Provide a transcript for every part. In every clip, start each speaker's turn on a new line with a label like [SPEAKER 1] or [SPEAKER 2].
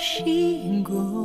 [SPEAKER 1] 醒过。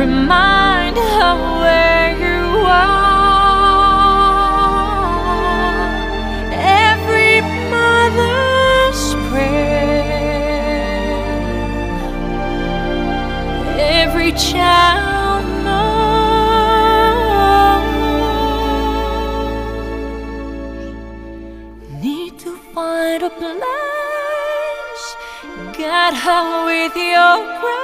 [SPEAKER 1] remind her where you are. Every mother's prayer, every child. find a place. Get her with your prayer.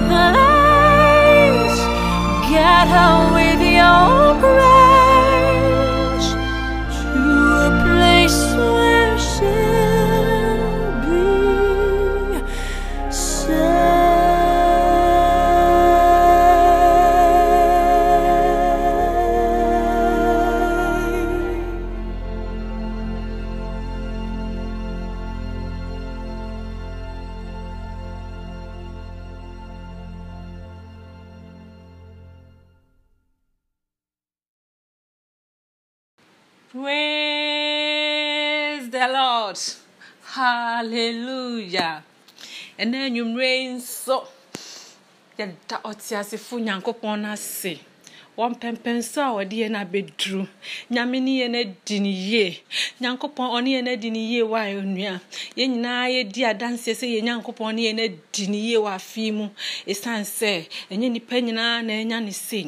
[SPEAKER 1] place. Get her with your grace.
[SPEAKER 2] ɛnna enyimire nso yɛda ɔteasefo nyankopɔn n'ase wɔn mpɛmpɛnso a wɔde yɛn abɛduru nyame ne yɛn adi ne yie nyankopɔn ɔne yɛn adi ne yie wɔ ayɛ nua yɛn nyinaa yɛdi adanseɛ sɛ yɛn nyankopɔn ne yɛn adi ne yie wɔ afei mu ɛsiane sɛ ɛnyɛ nipa nyinaa na ɛnya ne se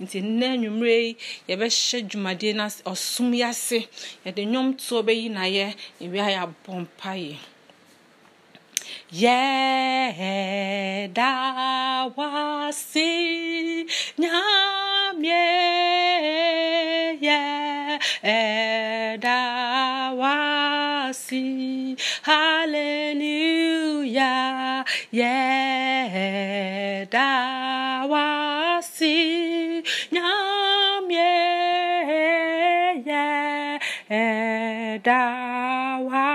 [SPEAKER 2] nti nnɛ nnwumire yi yɛbɛhyɛ dwumadeɛ no ɔsom yi ase yɛde nnwom toɔ bɛyi na yɛ ewia yɛ abɔ mpa yɛ. Jedała synia mnie, jedała hallelujah, jedała synia mnie, jedała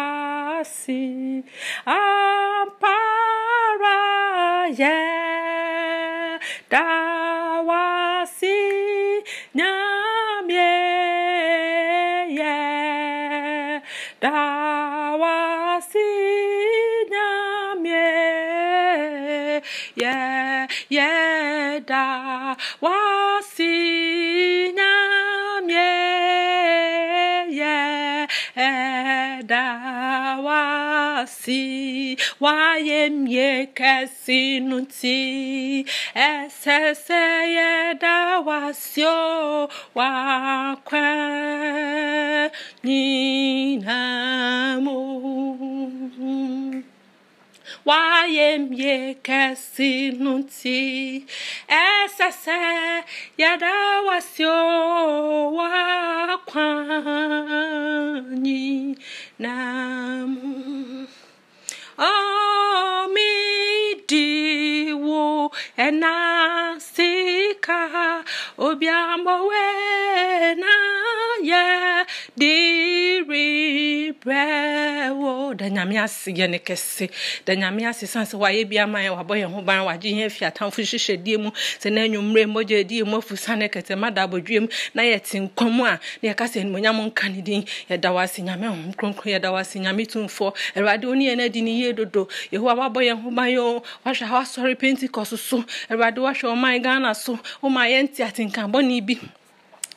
[SPEAKER 2] ye da wa si nyam ye da kasi wayemye kasi nuti esese ye da wasio wakwe ninamu wayemye kasi nuti esese ye da wasio wakwe ninamu amidiwo enasika obiambowe na ye di every prayer wo da nyame ase yɛ ne kɛse da nyame ase san sɛ wayɛ bi ama yɛ wabɔ yɛn ho ban wagye yɛn afi atamfo hyehyɛdeɛ mu sɛ na anwummerɛ mmɔgya adi mu afusa ne kɛtɛ ma da abɔdwuam na yɛte nkwa mu a na yɛka sɛ animonyam nka ne din yɛda wo ase nyame hom kronkron yɛda wo ase nyame tumfoɔ awurade wo ne yɛn adi ne yie dodo yehowa wabɔ yɛn ho ban yɛ wahwɛ ha wasɔre pentecost so awurade wahwɛ ɔman ghana so woma yɛnte atenka bɔne bi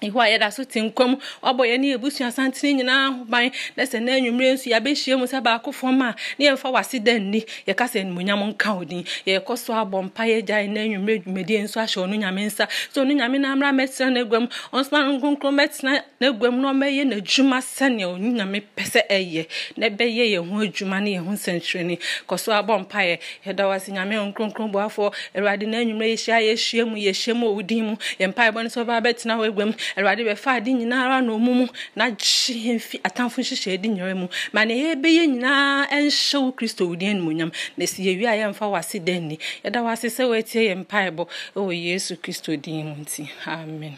[SPEAKER 2] ihu a yɛda so te nkwam wabɔ yɛ ne yɛbusua santene nyinaa ho ban na sɛ na anwummerɛ nso yɛabɛhyia mu sɛ baako fam a ne yɛmfa wase da nni yɛka sɛ animonyam nka wo din yɛrekɔ so abɔ mpa yɛgyae na anwummerɛ dwumadie nso ahyɛ ɔno nyame nsa sɛ ɔno nyame no mmra mɛtena n'aguam ɔnsoma nkronkron mɛtena n'aguam na ɔmɛyɛ n'adwuma sɛnea ɔno nyame pɛ sɛ ɛyɛ na ɛbɛyɛ yɛn ho adwuma ne yɛn ho nsɛnkyerɛnne kɔ so abɔ mpa yɛ yɛda wase nyame nkronkron boafoɔ awurade na anwummerɛ yɛhyia yɛhyia mu yɛhyia mu ɔwo din mu yɛmpaebɔ no sɛ ɔbaa bɛtena hɔ aguam awurade bɛfa ade nyinaa na ɔmo mu na gye yɛn fi atamfo nhyehyɛ adi nyɛrɛ mu ma ne yɛbɛyɛ nyinaa ɛnhyɛ wo kristo wo din animonyam na si yɛwie a yɛmfa wase dɛ nni yɛda wase sɛ woatie yɛ mpaebɔ ɛwɔ yesu kristo din mu nti amen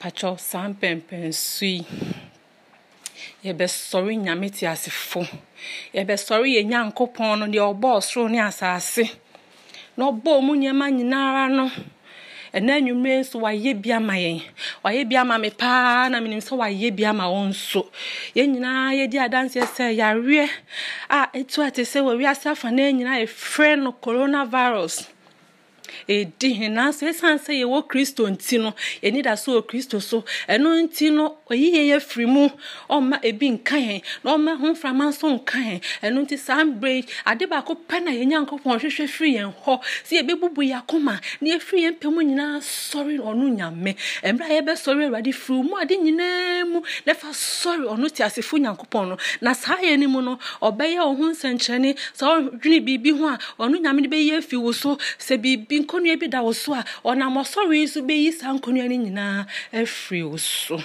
[SPEAKER 2] patwɔ saa mpɛmpɛn so yi yɛbɛsɔre nyame te asefo yɛbɛsɔre yɛ nyankopɔn no deɛ ɔbɔɔ soro ne asase na ɔbɔɔ mu nneɛma nyinaa no ɛna nnwumire nso wayɛ bi ama yɛn wayɛ bi ama me paa na menim sɛ wayɛ bi ama wɔn nso yɛn nyinaa yɛdi adanseɛ sɛ yareɛ a ɛtu ate sɛ wɔ wiase afa na nyinaa yɛfrɛ no coronavirus ɛdi hin nanso ɛsiane sɛ yɛwɔ kristo nti no yɛnida so wɔ kristo so ɛno nti no ɔyi yɛ firi mu ɔma ebi nka na ɔma ho mframa nso nka ɛno nti saa mbrɛ yi ade baako pɛ na yɛn nyankopɔn hwehwɛ firi yɛn hɔ sɛ yɛbɛbubu yɛ akoma na yɛfiri yɛn mpɛ mu nyinaa sɔre ɔno nyame mmerɛ a yɛbɛsɔre awurade firi mu ade nyinaa mu na sɔre ɔno te asefo nyankopɔn no na saa yɛ ne mu no ɔbɛyɛ ɔho nsɛnkyerɛnne sɛ ɔdwene biribi ho a ɔno nyame de bɛyɛ afi so sɛ biribi nkɔ akonnwa bi da wo so a ɔnam ɔsɔre yi so bɛyi saa nkonnwa no nyinaa afiri wo so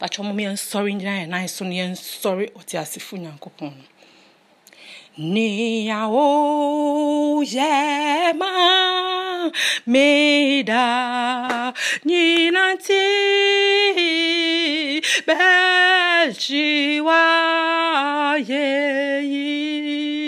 [SPEAKER 2] bakyɛ mom yɛnsɔre nyina yɛ nan so no yɛnsɔre ɔteasefo nyankopɔn no Nia o yema meda ninanti belchiwa yeyi.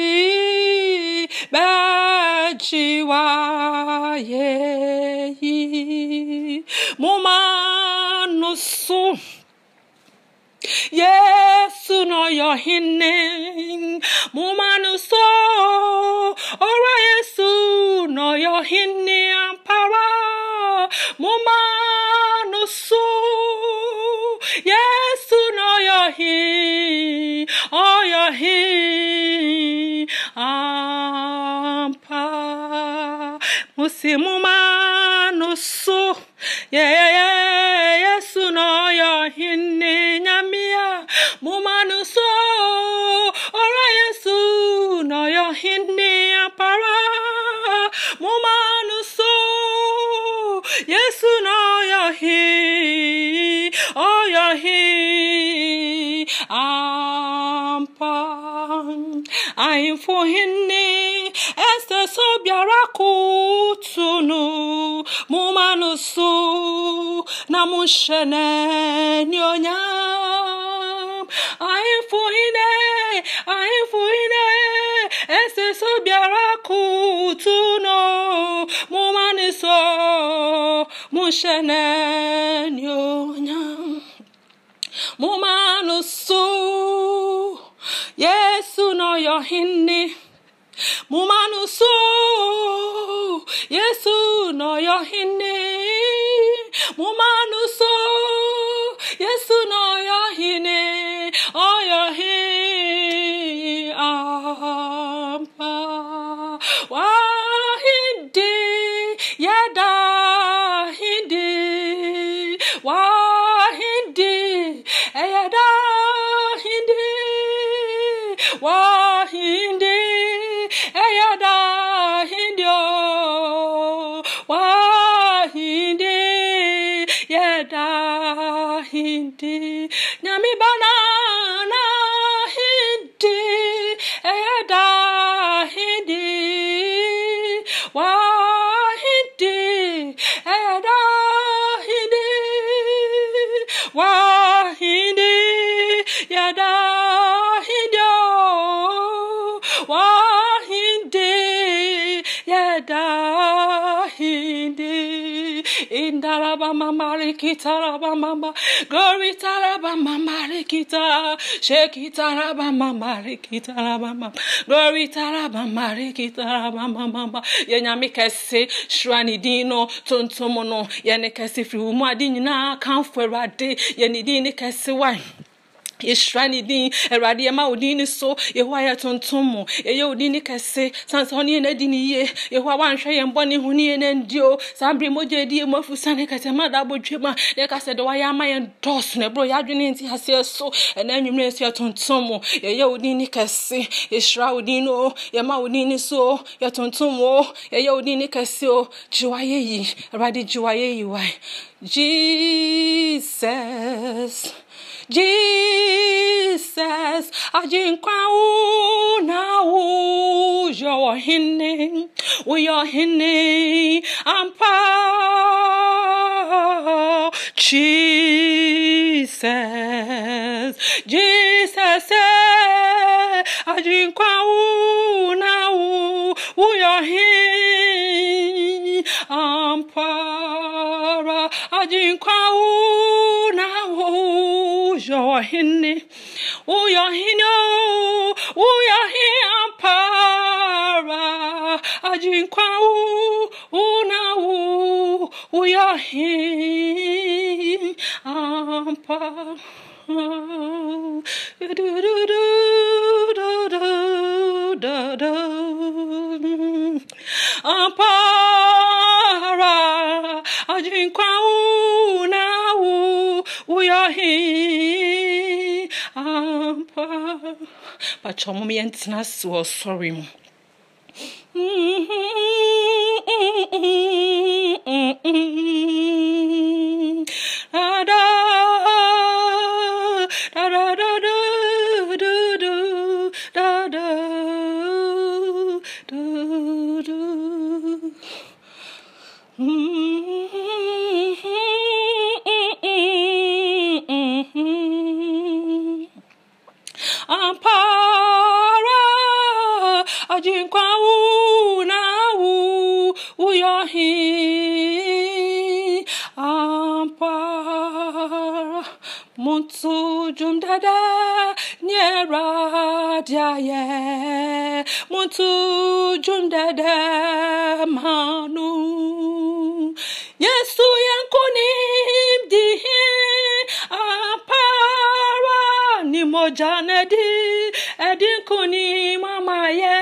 [SPEAKER 2] chiwaye yi momanoso Yesu no yo hinning momanoso ora Yesu no yo hinning ampara momanoso Yesu no yo hin oh yo hin usimumanoso yeah, yeah. ushene nyonyam ayi fuhine ayi fuhine ese so biara kutu no mumaniso mushene nyonyam mumanusu yesu no yohini mumanusu yesu no yohini mumanuso yesu no yahine oyahi ampa wahidi yada hindi nyami banana hindi eda hindi wa hindi eda hindi wa hindi yada In Darabama Marikita Mama, Glory Tarabama Marikita. Shekita Rabama Marikita Rabama. Glory Tarabama Marikita Rabama. Yenyami kese shwani dino tontomono. Yene kese fri umu adi nyina Yenidini rade. Yeni dini kese wine. yɛhyira ne din awurade yɛma wo din ne so yɛhowa yɛ tontom mu yɛyɛ wo din ne kɛse san sɛ ɔne yɛn adi ne yie yɛhowa woanhwɛ yɛn bɔne ho ne yɛn andi o saa bere mogya adi yɛ mu afusa ne kɛsɛma da abɔdwe ma ne ɛka sɛ de wayɛ ama yɛn dɔɔso na ɛberɛ yɛadwene nti aseɛ so ɛna anwummerɛ nso yɛtontom mu yɛyɛ wo din ne kɛse yɛhyira wo din no yɛma wo din ne so yɛtontom o yɛyɛ wo din ne kɛse o gyewa yɛyi awurade gyewa yɛyi wae jesus Jesus I una ujo hine uyo hine ampa Jesus Jesus are here. i hine proud. I drink ujo Join Oh, you're here, no. Oh, you're here, para. Ajinkwa, oh, na, oh, oh, you're here, ampa. Do do Ampara, ajinkwa, oh, na, oh we are here. ampa batwa mo yɛntena ase wɔ Mm-hmm. ampara ajinkwa una wu uyohi ampara muntu jumdada nyera diaye muntu jumdada manu yesu yankuni ụja na-edi edinku n'ime ama ya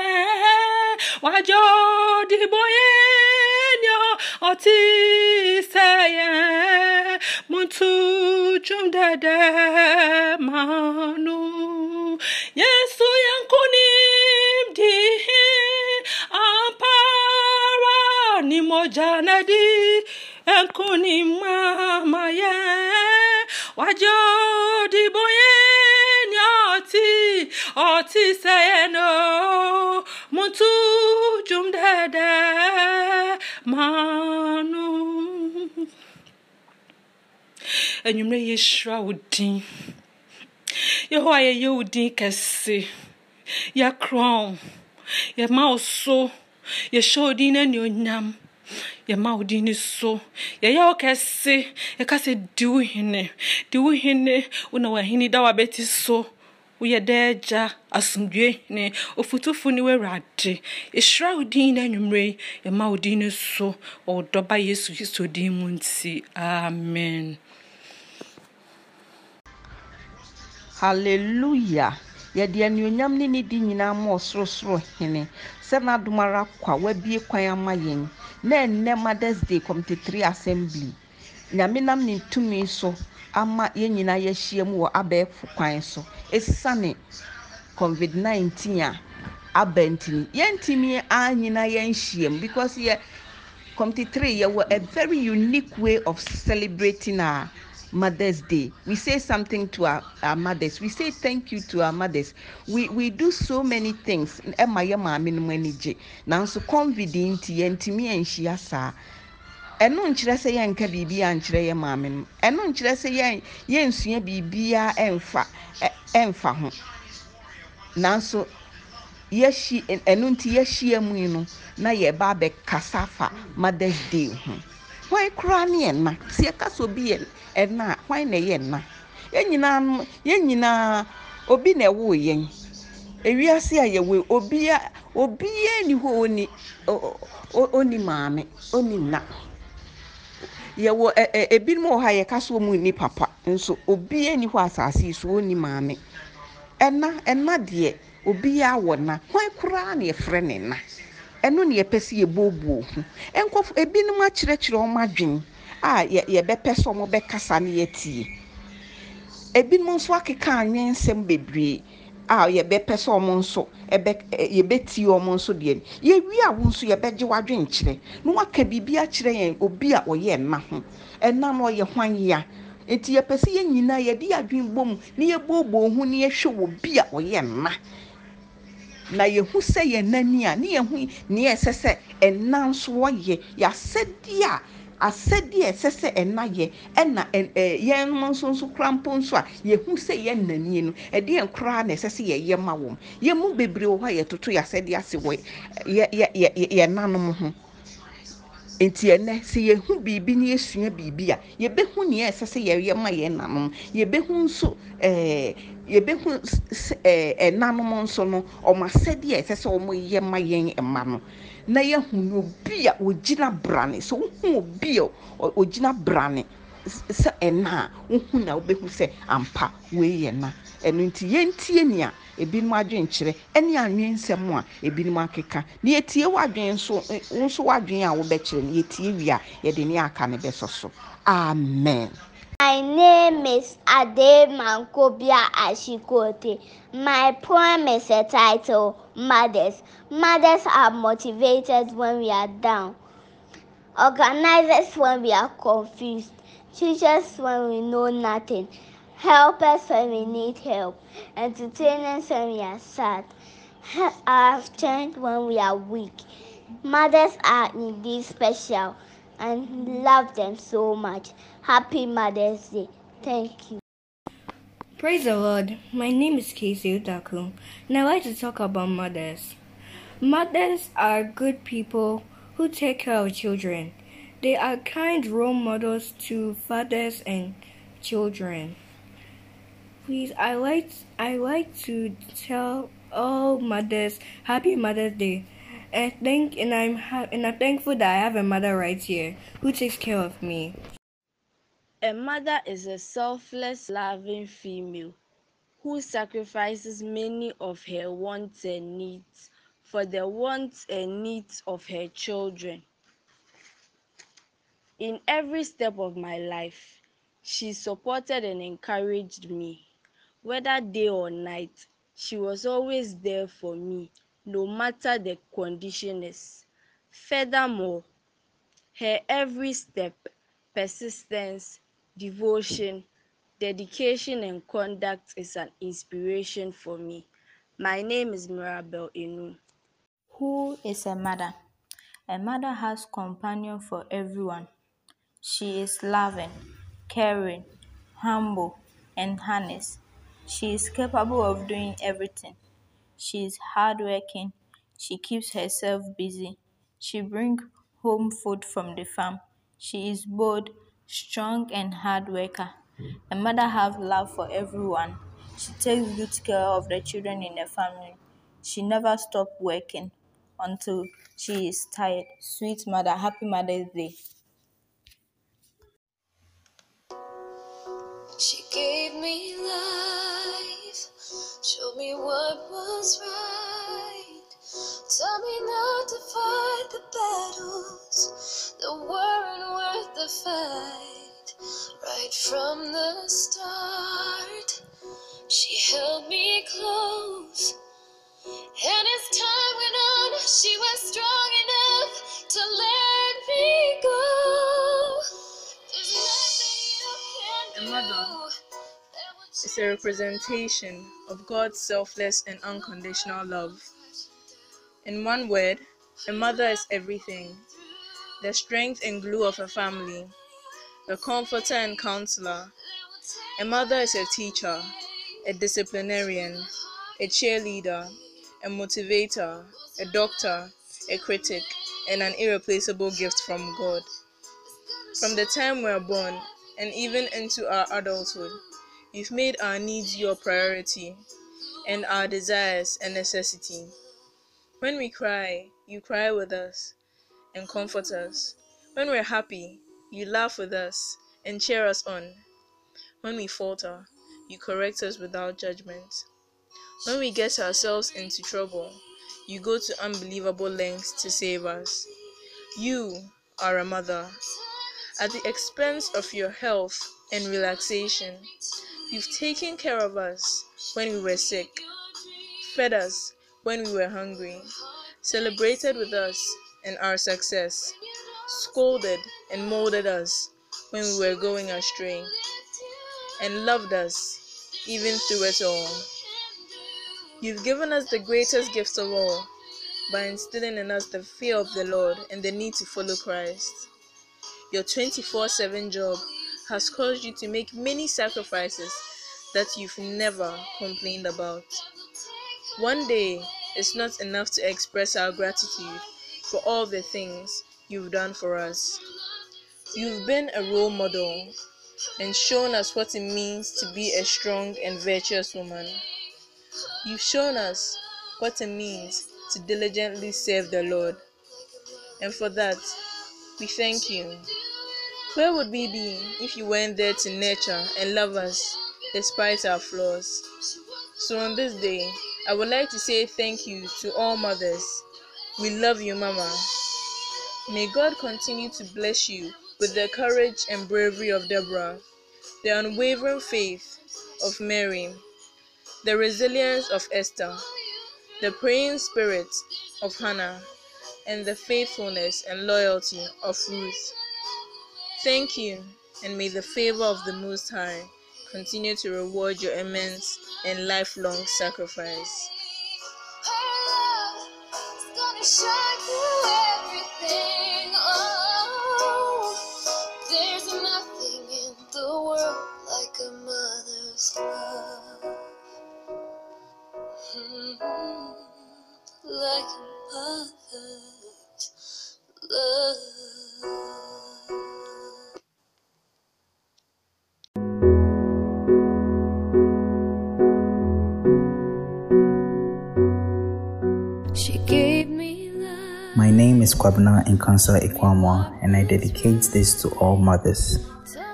[SPEAKER 2] wajọ dịbọ ya ọtịsa ya muntu chumdada manu yesu yankunim dihi ampara ni moja di enkunim mama ya wajọ dịbọ otiseno mutujumdede manu enyimire yɛhyira wo din yɛhɔ a yɛyɛ wo din kɛse yɛkorɔ wo yɛma wo so yɛhyɛ wo din no anuonyam yɛma wo din so yɛyɛ wo kɛse yɛka diwu di wo hene di wo hene wo na wahene da so woyɛdɛɛgya asomdwe ne ofutufo ne w'awurade ɛhyira wo din na anwummerɛ yi yɛma wo din no so ɔwo dɔba yesu kristo din mu nti amen
[SPEAKER 3] halleluya yɛde anuonyam ne ne di nyinaa ma ɔsorosoro hene sɛ n'adom ara kwa wabie kwan ama yɛn na ɛnnɛ mothers day committee 3 assembly nyame nam ne tumi so ama yɛn nyinaa yɛahyia mu wɔ abɛɛfo kwan so ɛsiane covid 19 a aba ntini yɛntumi a nyinaa yɛnhyia mu because yɛ committee three yɛwɔ a very unique way of celebrating our Mother's Day. We say something to our, our mothers. We say thank you to our mothers. We we do so many things. Ɛma yɛ maame no mu ani gye. Nanso COVID nti yɛntumi yɛnhyia saa. ɛno nkyerɛ sɛ yɛnka biribi a nkyerɛ yɛ maame no ɛno nkyerɛ sɛ yɛn yɛnsua biribiara ɛnfa ɛnfa e, ho nanso yɛhyi ɛno nti yɛhyia mu yi no na yɛba abɛkasa fa mother's day ho hwan koraa ne yɛn na si ɛkasa obi yɛ ɛna hwan na ɛyɛ na yɛn nyinaa no yɛn nyinaa obi na ɛwɔ yɛn ewiase a yɛwɔ obia obia ni hɔ oni o oni maame oni na. yɛwɔ ɛ ebinom wɔ ha yɛka so wɔn ni papa nso obiara ni hɔ asaase yi so wɔnni maame ɛna ɛna deɛ obiara wɔ na hwan koraa na yɛfrɛ ne na ɛno na yɛpɛ sɛ yɛbuobuo ho nkɔfo ebinom akyerɛkyerɛ wɔn adwene a yɛ yɛbɛpɛ sɛ wɔn bɛkasa ne yɛtie ebinom nso akeka anwensɛm bebree. a yɛbɛpɛ sɛ ɔmo nso ɛbɛ yɛbɛti ɔmo nso deɛ no yɛwi a wo nso yɛbɛgye w'adwenkyerɛ na waka biribi akyerɛ yɛn obi a ɔyɛ mma ho ɛnam ɔyɛ hwan yia nti yɛpɛ sɛ yɛn nyinaa yɛde adwen bɔ mu na yɛbɔɔbɔɔ ho na yɛhwɛ wɔ bi a ɔyɛ mma na yɛhu sɛ yɛn nani a ne yɛhu nea ɛsɛ sɛ ɛnam so wɔyɛ yɛasɛdeɛ a asɛdeɛ ɛsɛ sɛ ɛna yɛ ɛna e, e, yɛn nso nso kora mpo nso a yɛhu sɛ yɛ nanie no ɛdeɛ nkoraa na ɛsɛ sɛ yɛyɛ ma wɔn yɛn mu bebree wɔ hɔ a yɛtoto yɛ asɛdeɛ ase wɔ yɛ yɛ yɛ yɛn nanom ho nti ɛnɛ sɛ yɛhu biribi na yɛsua biribi a yɛbɛhu nea ɛsɛ sɛ yɛyɛ ma yɛn nanom yɛbɛhu nso ɛɛ e, yɛbɛhu ɛɛ ɛnanom nso no ɔmo asɛdeɛ ɛsɛ sɛ ɔmo yɛ ma yɛn mma no na yɛhu obi a ogyina brane so wohu obi a ogyina brane sɛ ɛna a wohu na wobɛhu sɛ ampa wei yɛ na ɛno nti yɛntie nea ebinom adwenkyerɛ ɛne anwensɛm a ebinom akeka na yɛtie w'adwen nso e, nso w'adwen a wobɛkyerɛ no yɛtie wie a yɛde ne aka ne bɛsɔ so amen.
[SPEAKER 4] My name is Ade Mankobia Ashikote. My poem is a title, Mothers. Mothers are motivated when we are down, organizers when we are
[SPEAKER 3] confused, teachers when we know nothing, helpers when we need help, entertainers when we are sad, have strength when we are weak. Mothers are indeed special and love them so much. Happy Mother's Day. Thank
[SPEAKER 4] you. Praise the Lord. My name is Casey Utaku, and I like to talk about mothers. Mothers are good people who take care of children. They are kind role models to fathers and children. Please, I like I like to tell all mothers Happy Mother's Day, and thank and I'm ha- and I'm thankful that I have a mother right here who takes care of me. A mother is a selfless, loving female who sacrifices many of her wants and needs for the wants and needs of her children. In every step of my life, she supported and encouraged me. Whether day or night, she was always there for me, no matter the conditions. Furthermore, her every step, persistence, devotion, dedication, and conduct is an inspiration for me. My name is Mirabel Inu. Who is a mother? A mother has companion for everyone. She is loving, caring, humble, and honest. She is capable of doing everything. She is hardworking. She keeps herself busy. She brings home food from the farm. She is bold strong and hard worker. A mother have love for everyone. She takes good care of the children in the family. She never stop working until she is tired. Sweet mother, happy Mother's Day.
[SPEAKER 1] She gave me life, showed me what was right, told me not to fight the battles that weren't worth the fight. Right from the start, she held me close. And as time went on, she was strong enough to let me go.
[SPEAKER 4] There's mother is a representation of God's selfless and unconditional love. In one word, a mother is everything the strength and glue of a family, the comforter and counselor. A mother is a teacher, a disciplinarian, a cheerleader, a motivator, a doctor, a critic, and an irreplaceable gift from God. From the time we are born and even into our adulthood, you've made our needs your priority and our desires a necessity. When we cry, you cry with us and comfort us. When we're happy, you laugh with us and cheer us on. When we falter, you correct us without judgment. When we get ourselves into trouble, you go to unbelievable lengths to save us. You are a mother. At the expense of your health and relaxation, you've taken care of us when we were sick, fed us when we were hungry, celebrated with us and our success, scolded and molded us when we were going astray, and loved us even through it all. You've given us the greatest gifts of all by instilling in us the fear of the Lord and the need to follow Christ. Your 24 7 job has caused you to make many sacrifices that you've never complained about. One day is not enough to express our gratitude for all the things you've done for us. You've been a role model and shown us what it means to be a strong and virtuous woman. You've shown us what it means to diligently serve the Lord. And for that, we thank you. Where would we be if you weren't there to nurture and love us despite our flaws? So on this day, I would like to say thank you to all mothers we love you, Mama. May God continue to bless you with the courage and bravery of Deborah, the unwavering faith of Mary, the resilience of Esther, the praying spirit of Hannah, and the faithfulness and loyalty of Ruth. Thank you, and may the favor of the Most High continue to reward your immense and lifelong sacrifice wish
[SPEAKER 1] I knew everything. Oh, there's nothing in the world like a mother's love. Mm-hmm. Like a mother's
[SPEAKER 5] love.
[SPEAKER 6] is Kwabna Nkansa Ikwamwa, and I dedicate this to all mothers.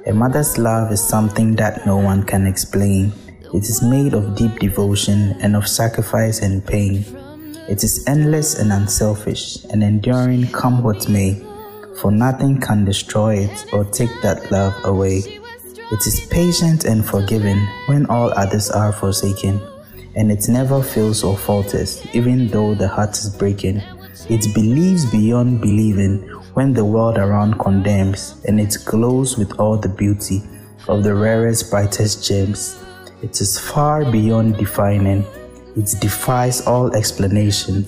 [SPEAKER 6] A mother's love is something that no one can explain. It is made of deep devotion and of sacrifice and pain. It is endless and unselfish and enduring, come what may, for nothing can destroy it or take that love away. It is patient and forgiving when all others are forsaken, and it never fails or falters, even though the heart is breaking. It believes beyond believing when the world around condemns, and it glows with all the beauty of the rarest, brightest gems. It is far beyond defining, it defies all explanation,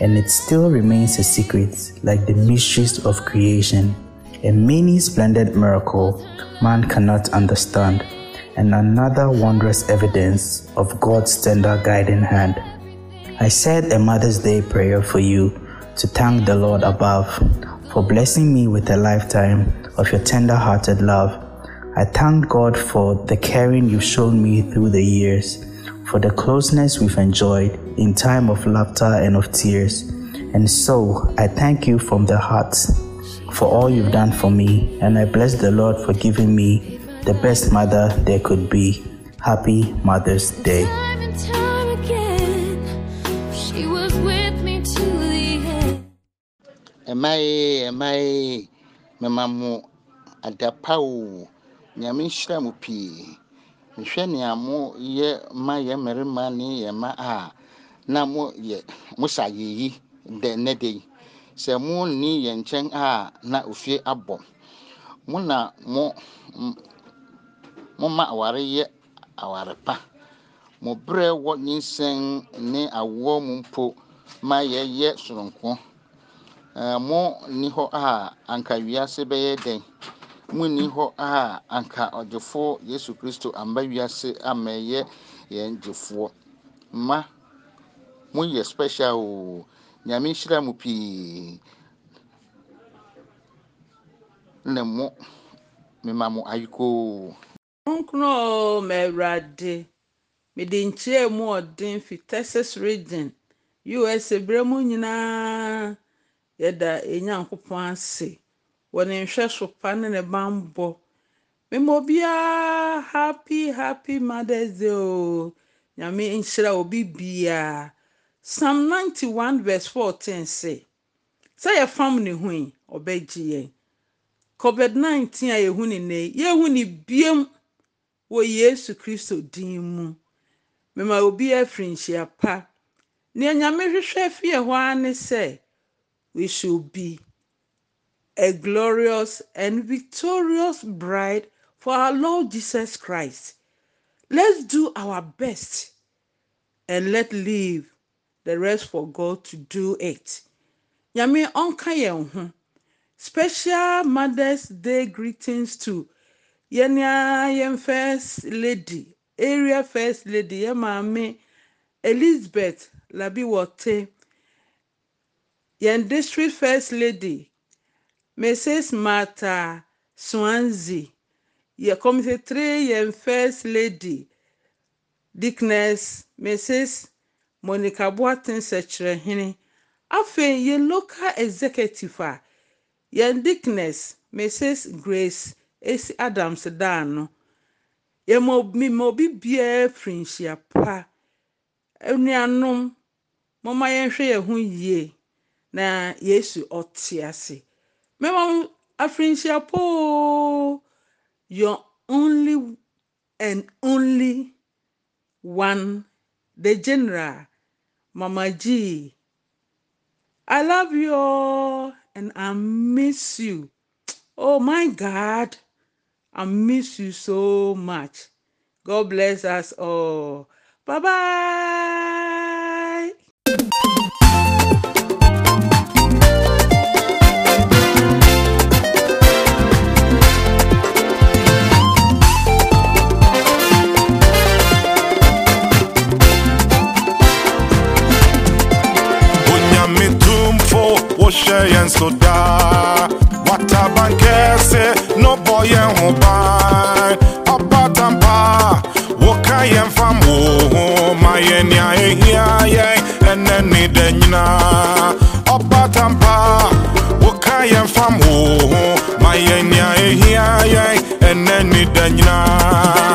[SPEAKER 6] and it still remains a secret like the mysteries of creation. A many splendid miracle man cannot understand, and another wondrous evidence of God's tender guiding hand. I said a Mother's Day prayer for you to thank the Lord above for blessing me with a lifetime of your tender hearted love. I thank God for the caring you've shown me through the years, for the closeness we've enjoyed in time of laughter and of tears. And so I thank you from the heart for all you've done for me, and I bless the Lord for giving me the best mother there could be. Happy Mother's Day.
[SPEAKER 7] mmaayɛ mmaayɛ mema mo adapa o nyame nhyira mo pii mehwɛ nea mo yɛ ma yɛ mmarima ne yɛ ma a na mo yɛ mo sa yɛyi dɛ nɛ dɛ sɛ mo nni yɛ nkyɛn a na ofie abɔ mo na mo mo ma aware yɛ aware pa mo berɛ wɔ nyinsɛn ne awoɔ mu mpo ma yɛyɛ soronko Eh, mo nni hɔ a anka wiase bɛyɛ dɛn mo nni hɔ a anka ɔgyefoɔ yesu kristo amba wiase ama ɛyɛ yɛn gyefoɔ mma moyɛ special o nyame nhyira mu pii ne mo mema mo ayekoo nkrɔ ma mede nkyia mu ɔden fi texas region usa berɛ mu nyinaa yɛda ɛnyankopɔn ase wɔne nhwɛ so pa ne ne bambɔ mema obiara happy happy mothers day o nyame nhyira obi biara psalm 91 verse 14 se sɛ yɛfam ne ho yi ɔbɛgye yɛn covid-19 a yɛhu ne nnɛ yi yɛhu ne biem wɔ yesu kristo din mu mema obiara afiri nhyia pa nea nyame hwehwɛ fie hɔ ara ne sɛ we should be a glorious and victorious bride for our Lord Jesus Christ. Let's do our best and let leave the rest for God to do it. Yami ɔnka yɛn Special Mother's Day greetings to yɛnea yɛn first lady, area first lady, yɛn maame Elizabeth Labiwote. Yen District First Lady, Mrs. Martha Swanezy, ye Committee 3 Yen First Lady, Dickness, Mrs. Monica Boateng Sɛkyerɛhene. Afei, yen local executive a yɛn Dickness, Mrs. Grace Esi Adams daa Yen Yɛn mmemme obi biara firi nhyia pa. Nuanom, momma yɛnhwɛ yɛn ho yie na yesu ɔte ase mema afirinhyia poo your only and only one the general mama g i love you all and i miss you oh my god i miss you so much god bless us all bye bye
[SPEAKER 8] yɛn so daa watabankɛse no bɔ yɛn ho ban ɔbatampa woka yɛn fam wo ho ma yɛn nea ɛhia yɛn ɛnɛ ne da nyinaa ɔbatampa woka yɛn fam wo ho ma yɛn nea ɛhia yɛn ɛnɛ ne da nyinaa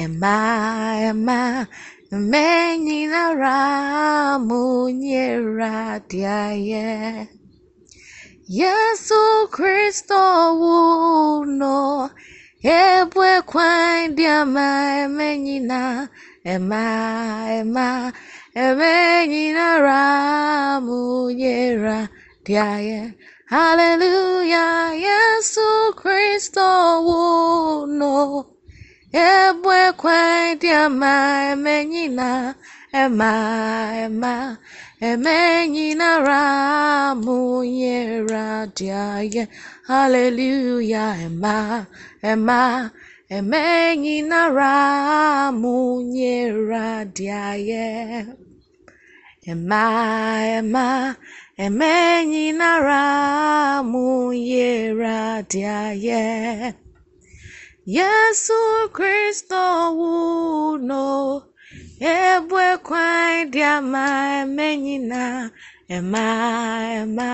[SPEAKER 9] Emma, Emma, menina ramunyera diaye. Yesu Kristo wuno, ebwe kwandia ma menina, Emma, Emma, menina ramunyera diaye. Hallelujah, Yesu Kristo wuno ebwe ɛkwan di ema, ema, nyinaa ɛma ɛma ema, ema, ra mo ema, ra di ayɛ hallelujah ema, ɛma ɛmɛ nyinaa ra mo yɛ ra di ayɛ ɛma ɛma ɛmɛ nyinaa ra mo yɛ ra di ayɛ. yesu kristo wuno ebekwan dị ama emenyina ema ema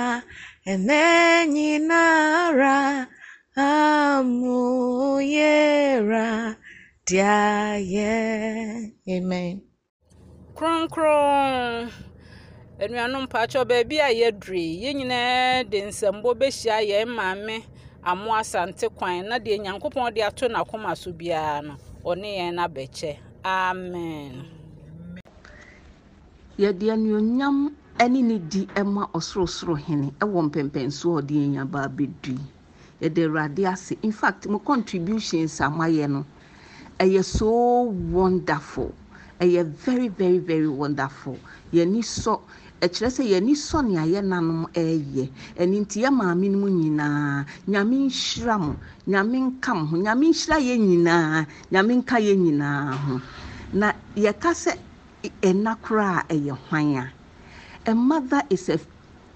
[SPEAKER 9] emenyinara amụyera dị agha. amen kronkron
[SPEAKER 10] anuanom mpakyɛ baabi a yɛadure yɛn nyinaa de nsɛmbɔ bɛhyia yɛn maame amo asante kwan na deɛ nyankopɔn de ato n'akoma so biara nọ no ɔne yɛn n'abɛkyɛ amen.
[SPEAKER 3] yɛde anuonyam ne ne di ma ɔsorosoro hene wɔ mpɛmpɛnsoɔ ɔde yɛn baa bɛdui yɛde awurade ase in fact mo contributions a moayɛ no ɛyɛ so wonderful ɛyɛ very very very wonderful yɛni sɔ. So, ɛkyerɛ sɛ yɛn ani sɔ nea yɛ nanom ɛɛyɛ ɛni nti yɛ maame no mu nyinaa nyame nhyira mo nyame nka mo ho nyame nhyira yɛ nyinaa nyame nka yɛ nyinaa ho na yɛka sɛ ɛna koraa ɛyɛ hwan a a mother is a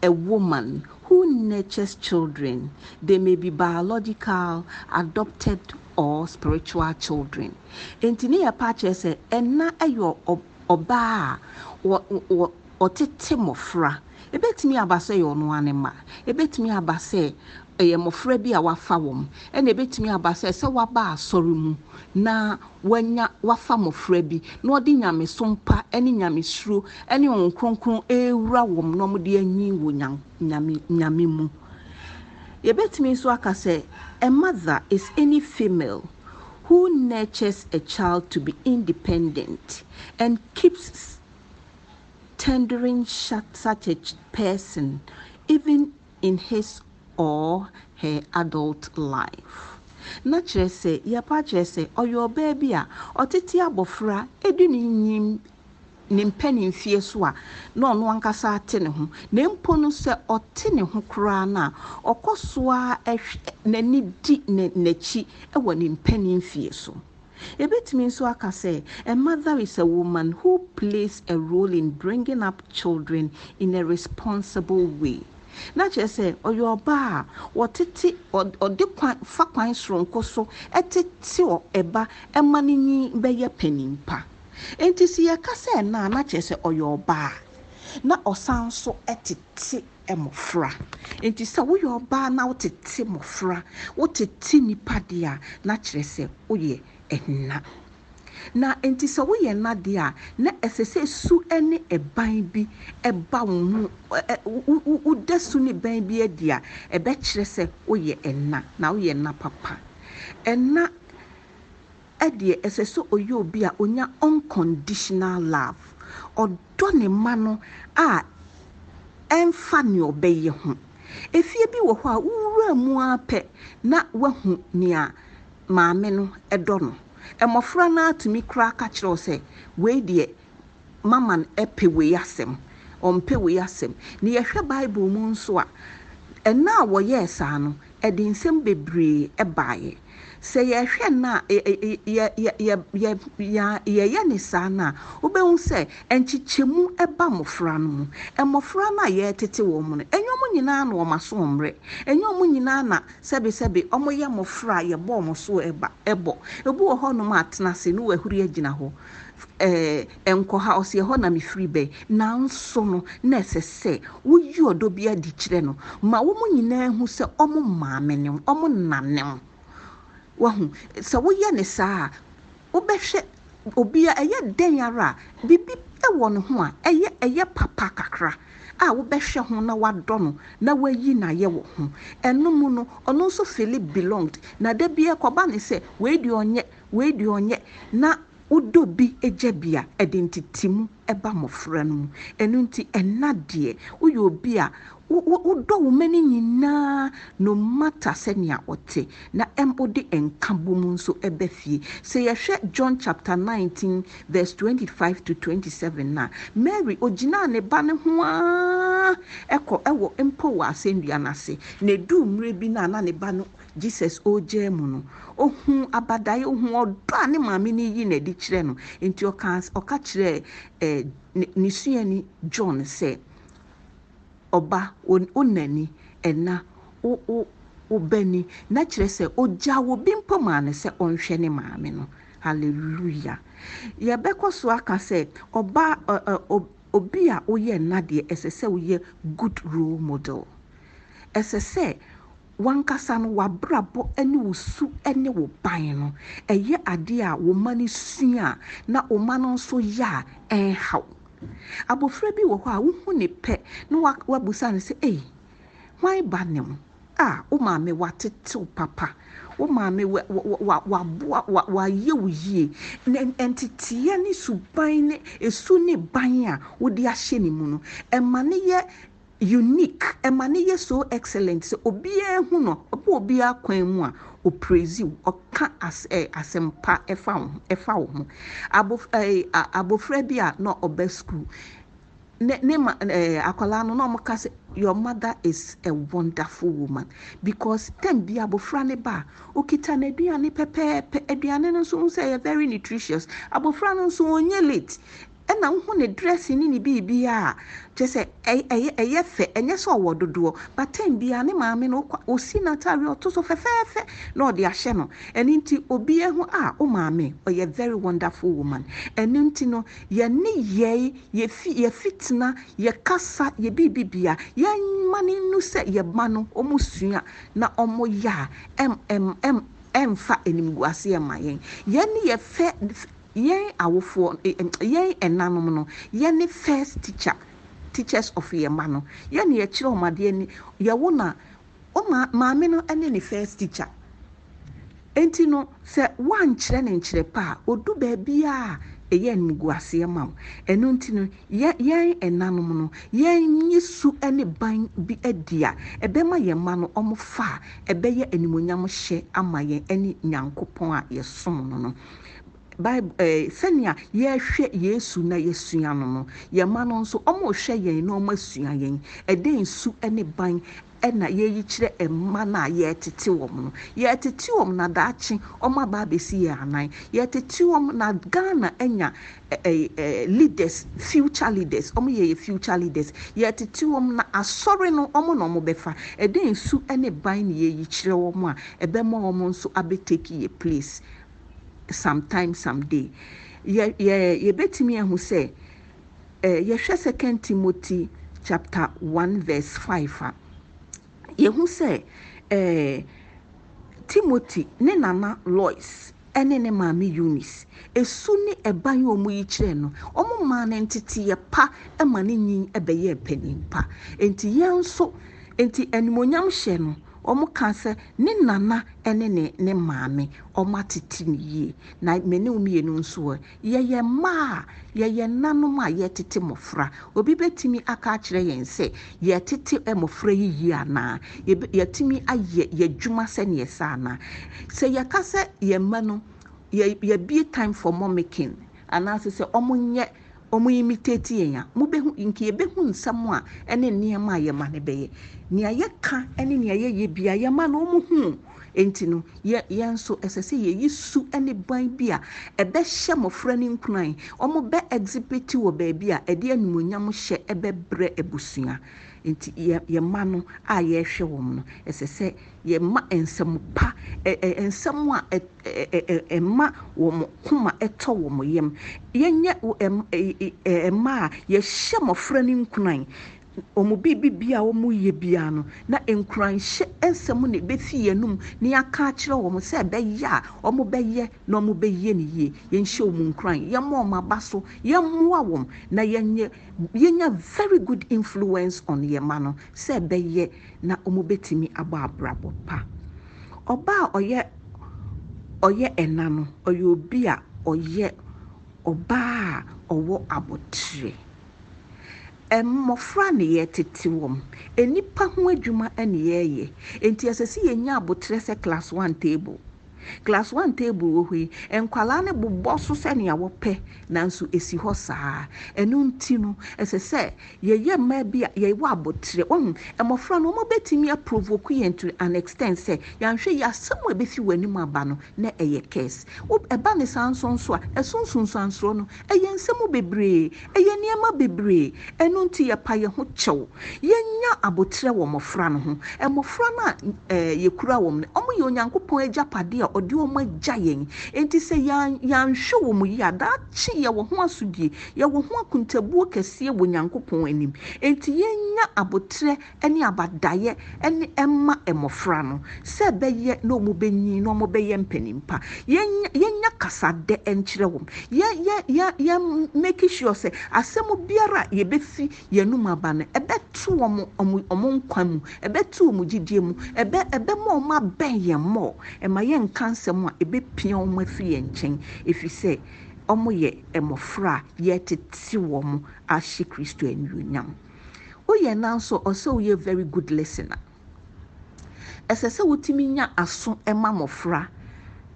[SPEAKER 3] a woman who nurtures children. They may be biological, adopted, or spiritual children. Ntini yɛ paakyɛ sɛ ɛna ɛyɛ ɔbaa wɔ wɔ ɔtete mmɔfra ebɛtumi aba sɛ yɛ ɔno ane ma ebɛtumi aba sɛ ɛyɛ mmɔfra bi a wafa wɔm ɛna ebɛtumi aba sɛ sɛ waba asɔre mu na wanya wafa mmɔfra bi na ɔde nyamesompa ɛne nyamesuro ɛne wɔn kronkron ewura wɔm na wɔde anyin wɔ nyame nyame mu yɛbɛtumi nso aka sɛ a mother is any female who nurtures a child to be independent and keeps tendering such a person, even in his or her adult life. na kyerɛ sɛ yɛpa kyerɛ sɛ ɔyɛ ɔbaa bi a ɔtete abɔfra ɛdi ne nyim ne mpɛne mfie so a na ɔno ankasa ate ne ho na mpo no sɛ ɔte ne ho koraa no a ɔkɔ soa n'ani di n'akyi ɛwɔ ne mpɛne mfie so Ebetumi nso aka sɛ a mother is a woman who plays a role in bringing up children in a responsible way. na kyerɛ sɛ ɔyɛ ɔbaa a wɔtete ɔde kwan fa kwan soronko so ɛtete ɔ ɛba ɛma ne nyi bɛyɛ panimpa nti si yɛka sɛ naa na kyerɛ sɛ ɔyɛ ɔbaa na ɔsan so ɛtete mmɔfra nti sɛ woyɛ ɔbaa na wotete mmɔfra wotete nipa deɛ a na kyerɛ sɛ woyɛ na nti sɛ woyɛ nna deɛ a na ɛsɛ sɛ su ne ban bi ba wo mu ɛ woda su ne ban bi adi a ɛbɛkyerɛ sɛ woyɛ nna na woyɛ nna papa nna ɛdeɛ ɛsɛ sɛ ɔyɛ obi a ɔnya unconditional love ɔdɔ ne no a ɛmfa nea ɔbɛyɛ ho efie bi wɔ hɔ a wura mu apɛ na wahu nea. maame no dɔ no mmɔfra no atumi koraa ka kyerɛ sɛ wei deɛ mama no pɛ wei asɛm ɔmpɛ wei asɛm na yɛhwɛ bible mu nso a ɛna a wɔyɛɛ saa no ɛde nsɛm bebree baeɛ sɛ yɛhwɛ no a yɛyɛ ne saa no a wobɛhu sɛ nkyekyɛmu ba mmɔfra no mu mmɔfra no a yɛtete wɔ mu no ɛnyɛ ɔmo nyinaa na ɔmo aso mmerɛ ɛnyɛ ɔmo nyinaa na sɛbesɛbe ɔmo yɛ mmɔfra a yɛbɔ ɔmo so ɛba ɛbɔ ebi wɔ hɔnom atena ase ne wahuri agyina hɔ ɛɛ nkɔha na mefiri nanso no na ɛsɛ sɛ woyi ɔdɔ bi adi kyerɛ no ma wɔn nyinaa ehu sɛ ɔmo maame ne mu ɔmo nane wahu sɛ woyɛ ne saa wobɛhwɛ obi a ɛyɛ dɛn ara a biribi ɛwɔ ne ho a ɛyɛ ɛyɛ papa kakra a wobɛhwɛ ho na wadɔ no na wayi n'ayɛ wɔ ho ɛno mu no ɔno nso fili belonged na da bi ɛkɔba ne sɛ wei ɔnyɛ wei ɔnyɛ na wodɔ bi gya bi a ɛde ntiti mu ba mmɔfra no mu ɛno nti ɛna deɛ woyɛ obi a wodɔ wo ma no nyinaa no mata sɛnea ɔte na ɛmpo de ɛnka bɔ mu nso ɛbɛ fie sɛ yɛhwɛ john chapter 19 verse 25 to 27 na mary ogyinaa ne ba ne ho aa ɛkɔ ɛwɔ mpo wɔ asɛnnua no ase na ɛduu mmerɛ bi no a ne ba no jesus ɔregyaa mu no ohun abadaeɛ ohun ɔdɔ a ne maame no yi n'adi kyerɛ no nti ɔka ɔka kyerɛɛ ne suani john sɛ ɔba wo nani ɛna wo wo na kyerɛ sɛ ogya wo bi mpo maame sɛ ɔnhwɛ ne maame no hallelujah yɛbɛkɔ so aka sɛ ɔbaa ɔ ɔ obi a ɔyɛ nnadeɛ ɛsɛ sɛ ɔyɛ good role model ɛsɛ sɛ wankasa no wabrabɔ ne wo su ne wo ban no ɛyɛ adeɛ a wo ma no sua na wo ma no nso yɛ a ɛnhaw. abɔfra bi wɔ hɔ a wohu ne pɛ na wabusa no sɛ ei hwan ba ne mu a wo maame watetew papa wo maame waboa wayɛ wo yie nteteeɛ ne suban ne esu ne ban a wode ahyɛ ne mu no ɛma ne yɛ unique ɛma ne yɛ so excellent sɛ obiara hu no ɔbɛ obiara kwan mu a oprezi ɔka as ɛ eh, asɛmpa ɛfa wɔn ɛfa wɔn abof ɛɛ eh, abofra bi a na ɔbɛ sukuu ne ne ma ɛɛ eh, akwadaa no na wɔn ka sɛ your mother is a wonderful woman because term bi abofra ne ba okita na aduane pɛpɛɛpɛ aduane no nso nso yɛ very nutritious abofra no nso onye late ɛna wohu ne dress ne ne biribi a kyɛ sɛ ɛyɛ ɛyɛ fɛ ɛnyɛ sɛ ɔwɔ dodoɔ batam bia ne maame no ɔsi n'ataare ɔto so fɛfɛɛfɛ na ɔde ahyɛ no ɛno nti obi ehu a o maame ɔyɛ very wonderful woman ɛno nti no yɛne yɛi yɛfi yɛfitena yɛkasa yɛ biribi bia yɛma ne nu sɛ yɛma no ɔmo sua na ɔmo yɛ a ɛm ɛm ɛm ɛmfa animguase ɛma yɛn yɛne yɛfɛ. yɛn awofoɔ eh, eh, yɛn nanom no yɛne first teacher teachers of yɛn mma no yɛne yɛkyerɛ wɔn adeɛ ni yɛwo na ɔma maame no ne ne first teacher nti no sɛ wankyerɛ ne nkyerɛ pa a odu baabi a ɛyɛ animguaseɛ ma wo ɛno nti no yɛn ɛnanom no yɛnyi su ne ban bi adi a ɛbɛma yɛn mma no ɔmo fa a ɛbɛyɛ animonyam hyɛ ama yɛn ne nyankopɔn a yɛsom no no bible ɛɛ eh, sɛnea yɛrehwɛ yesu na yɛsua no no yɛn mma no nso wɔrehwɛ yɛn na wɔasua yɛn ɛdɛn nsu ɛne ban ɛna yɛyi kyerɛ mma na a yɛtete wɔm no yɛtete wɔm na daakye ɔmo aba abɛsi yɛ anan yɛtete wɔm na ghana ɛnya ɛɛ ɛɛ leaders future leaders ɔmo yɛ yɛ future leaders yɛtete wɔm na asɔre no ɔmo na ɔmo bɛfa ɛdɛn nsu ɛne ban na yɛyi kyerɛ wɔm a ɛbɛma wɔn nso abɛteki yɛ place. sometime someday yɛ yɛ yɛbɛtumi ahu sɛ ɛɛ yɛhwɛ second timothy chapter one verse five a yɛhu sɛ ɛɛ timothy ne nana lois ɛne ne maame eunice esu ne ɛban a wɔn yi kyerɛ no wɔn maa ne nteteyɛ pa ɛma ne nyin ɛbɛyɛ panin pa nti yɛn nso nti animonyam hyɛ no wɔn ka sɛ ne nana ne ne ne maame wɔn atete ne yie na mene wɔn mmienu nso e, yɛyɛ mmaa yɛyɛ nanom a yɛtete mmɔfra obi bɛtumi aka akyerɛ yɛn sɛ yɛtete mmɔfra yi yie anaa yɛtumi ayɛ yɛdwuma sɛneɛ saa anaa sɛ yɛka sɛ yɛn mma no yɛbie time for mɔmikin anaasɛ sɛ wɔn nyɛ ɔmo imitate yɛn a mobɛhu nka yɛbɛhu nsɛm a ɛne nneɛma a yɛma no bɛyɛ nea yɛka ne nea yɛyɛ bia yɛma no ɔmo hu nti no yɛn nso ɛsɛ sɛ yɛyi su ne ban bi a ɛbɛhyɛ mmɔfra ne nkunan ɔmo bɛ exhibit wɔ baabi a ɛde animonyam hyɛ ɛbɛbrɛ abusua nti yɛ yɛ no a yɛrehwɛ wɔn no ɛsɛ sɛ yɛ mma nsɛm pa ɛ ɛ nsɛm a ɛ ɛ ɛma wɔn kuma ɛtɔ wɔn yam yɛnyɛ ɛm ɛ ɛ mma a yɛhyɛ mmɔfra ne nkunan. wɔn biribi a wɔyɛ bia no na nkuranhyɛ nsɛm na ɛbɛfi yɛn nom na yɛaka akyerɛ wɔn sɛ ɛbɛyɛ a wɔbɛyɛ na wɔbɛyɛ no yie yɛnhyɛ wɔn nkuran yɛmmɔ wɔn aba so yɛmmoa wɔn na yɛnyɛ yɛnya very good influence on yɛn ma no sɛ ɛbɛyɛ na wɔbɛtumi abɔ abrabɔ pa ɔbaa ɔyɛ ɔyɛ ɛna no ɔyɛ obi a ɔyɛ ɔbaa a ɔwɔ abotire. Mmɔfra na yɛtete wɔm. Nnipa ho adwuma na yɛreyɛ. Enti ɛsɛ sɛ yɛnya abotire sɛ class one table class one table wɔ hɔ yi nkwadaa no bobɔ so sɛnea wɔpɛ nanso esi hɔ saa ɛno nti no ɛsɛ sɛ yɛyɛ mmaa bi a yɛwɔ abotire ɔhun mmɔfra no wɔn bɛtumi aprovoke yɛn to an extent sɛ yɛahwɛ yɛ asɛm a ebefi wɔn anim aba no na ɛyɛ kɛse ɛba ne saa nso nso a ɛsonsonsansorɔ no ɛyɛ nsɛm bebree ɛyɛ nneɛma bebree ɛno nti yɛpa yɛn ho kyɛw yɛnya abotire wɔ mmɔfra no ho mmɔfra no a ɛɛ yɛkura wɔn no yɛ onyankopɔn agyapadeɛ a ɔde wɔn agya yɛn nti sɛ yɛanhwɛ wɔn mu yie adaakye yɛwɔ ho asodie yɛwɔ ho akuntabuo kɛseɛ wɔ nyankopɔn anim nti yɛnya abotire ne abadaeɛ ne ɛma mmɔfra no sɛ ɛbɛyɛ na wɔn bɛnyin na wɔn bɛyɛ mpanimpa yɛnya kasadɛ nkyerɛ wɔn yɛ yɛ yɛ yɛ make sure sɛ asɛm biara yɛbɛfi yɛnum aba no ɛbɛtu wɔn wɔn nkwa mu ɛbɛtu wɔn gyidie mu ɛbɛ ɛbɛma wɔn abɛn yɛn mmɔ ɛma yɛn nka nsɛm a ɛbɛpia wɔn afiri yɛn nkyɛn ɛfiri sɛ wɔn yɛ mmɔfra a yɛtete wɔn ahye kristo anuonyam woyɛ nan so ɔsɛ woyɛ very good listener ɛsɛ sɛ wotumi nya aso ɛma mmɔfra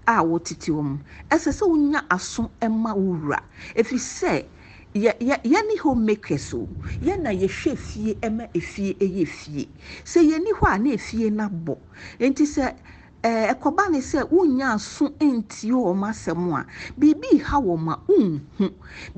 [SPEAKER 3] a wɔtete wɔn ɛsɛ sɛ wonya aso ɛma wura ɛfiri sɛ yɛne homemakers o yɛna yɛhwɛ fie ma efie yɛ fie sɛ yɛni hɔ a na efie na abɔ nti sɛ Eh, ɛkɔba ne sɛ wonya aso ntie wɔn asɛm a biribi ha wɔn a wonhu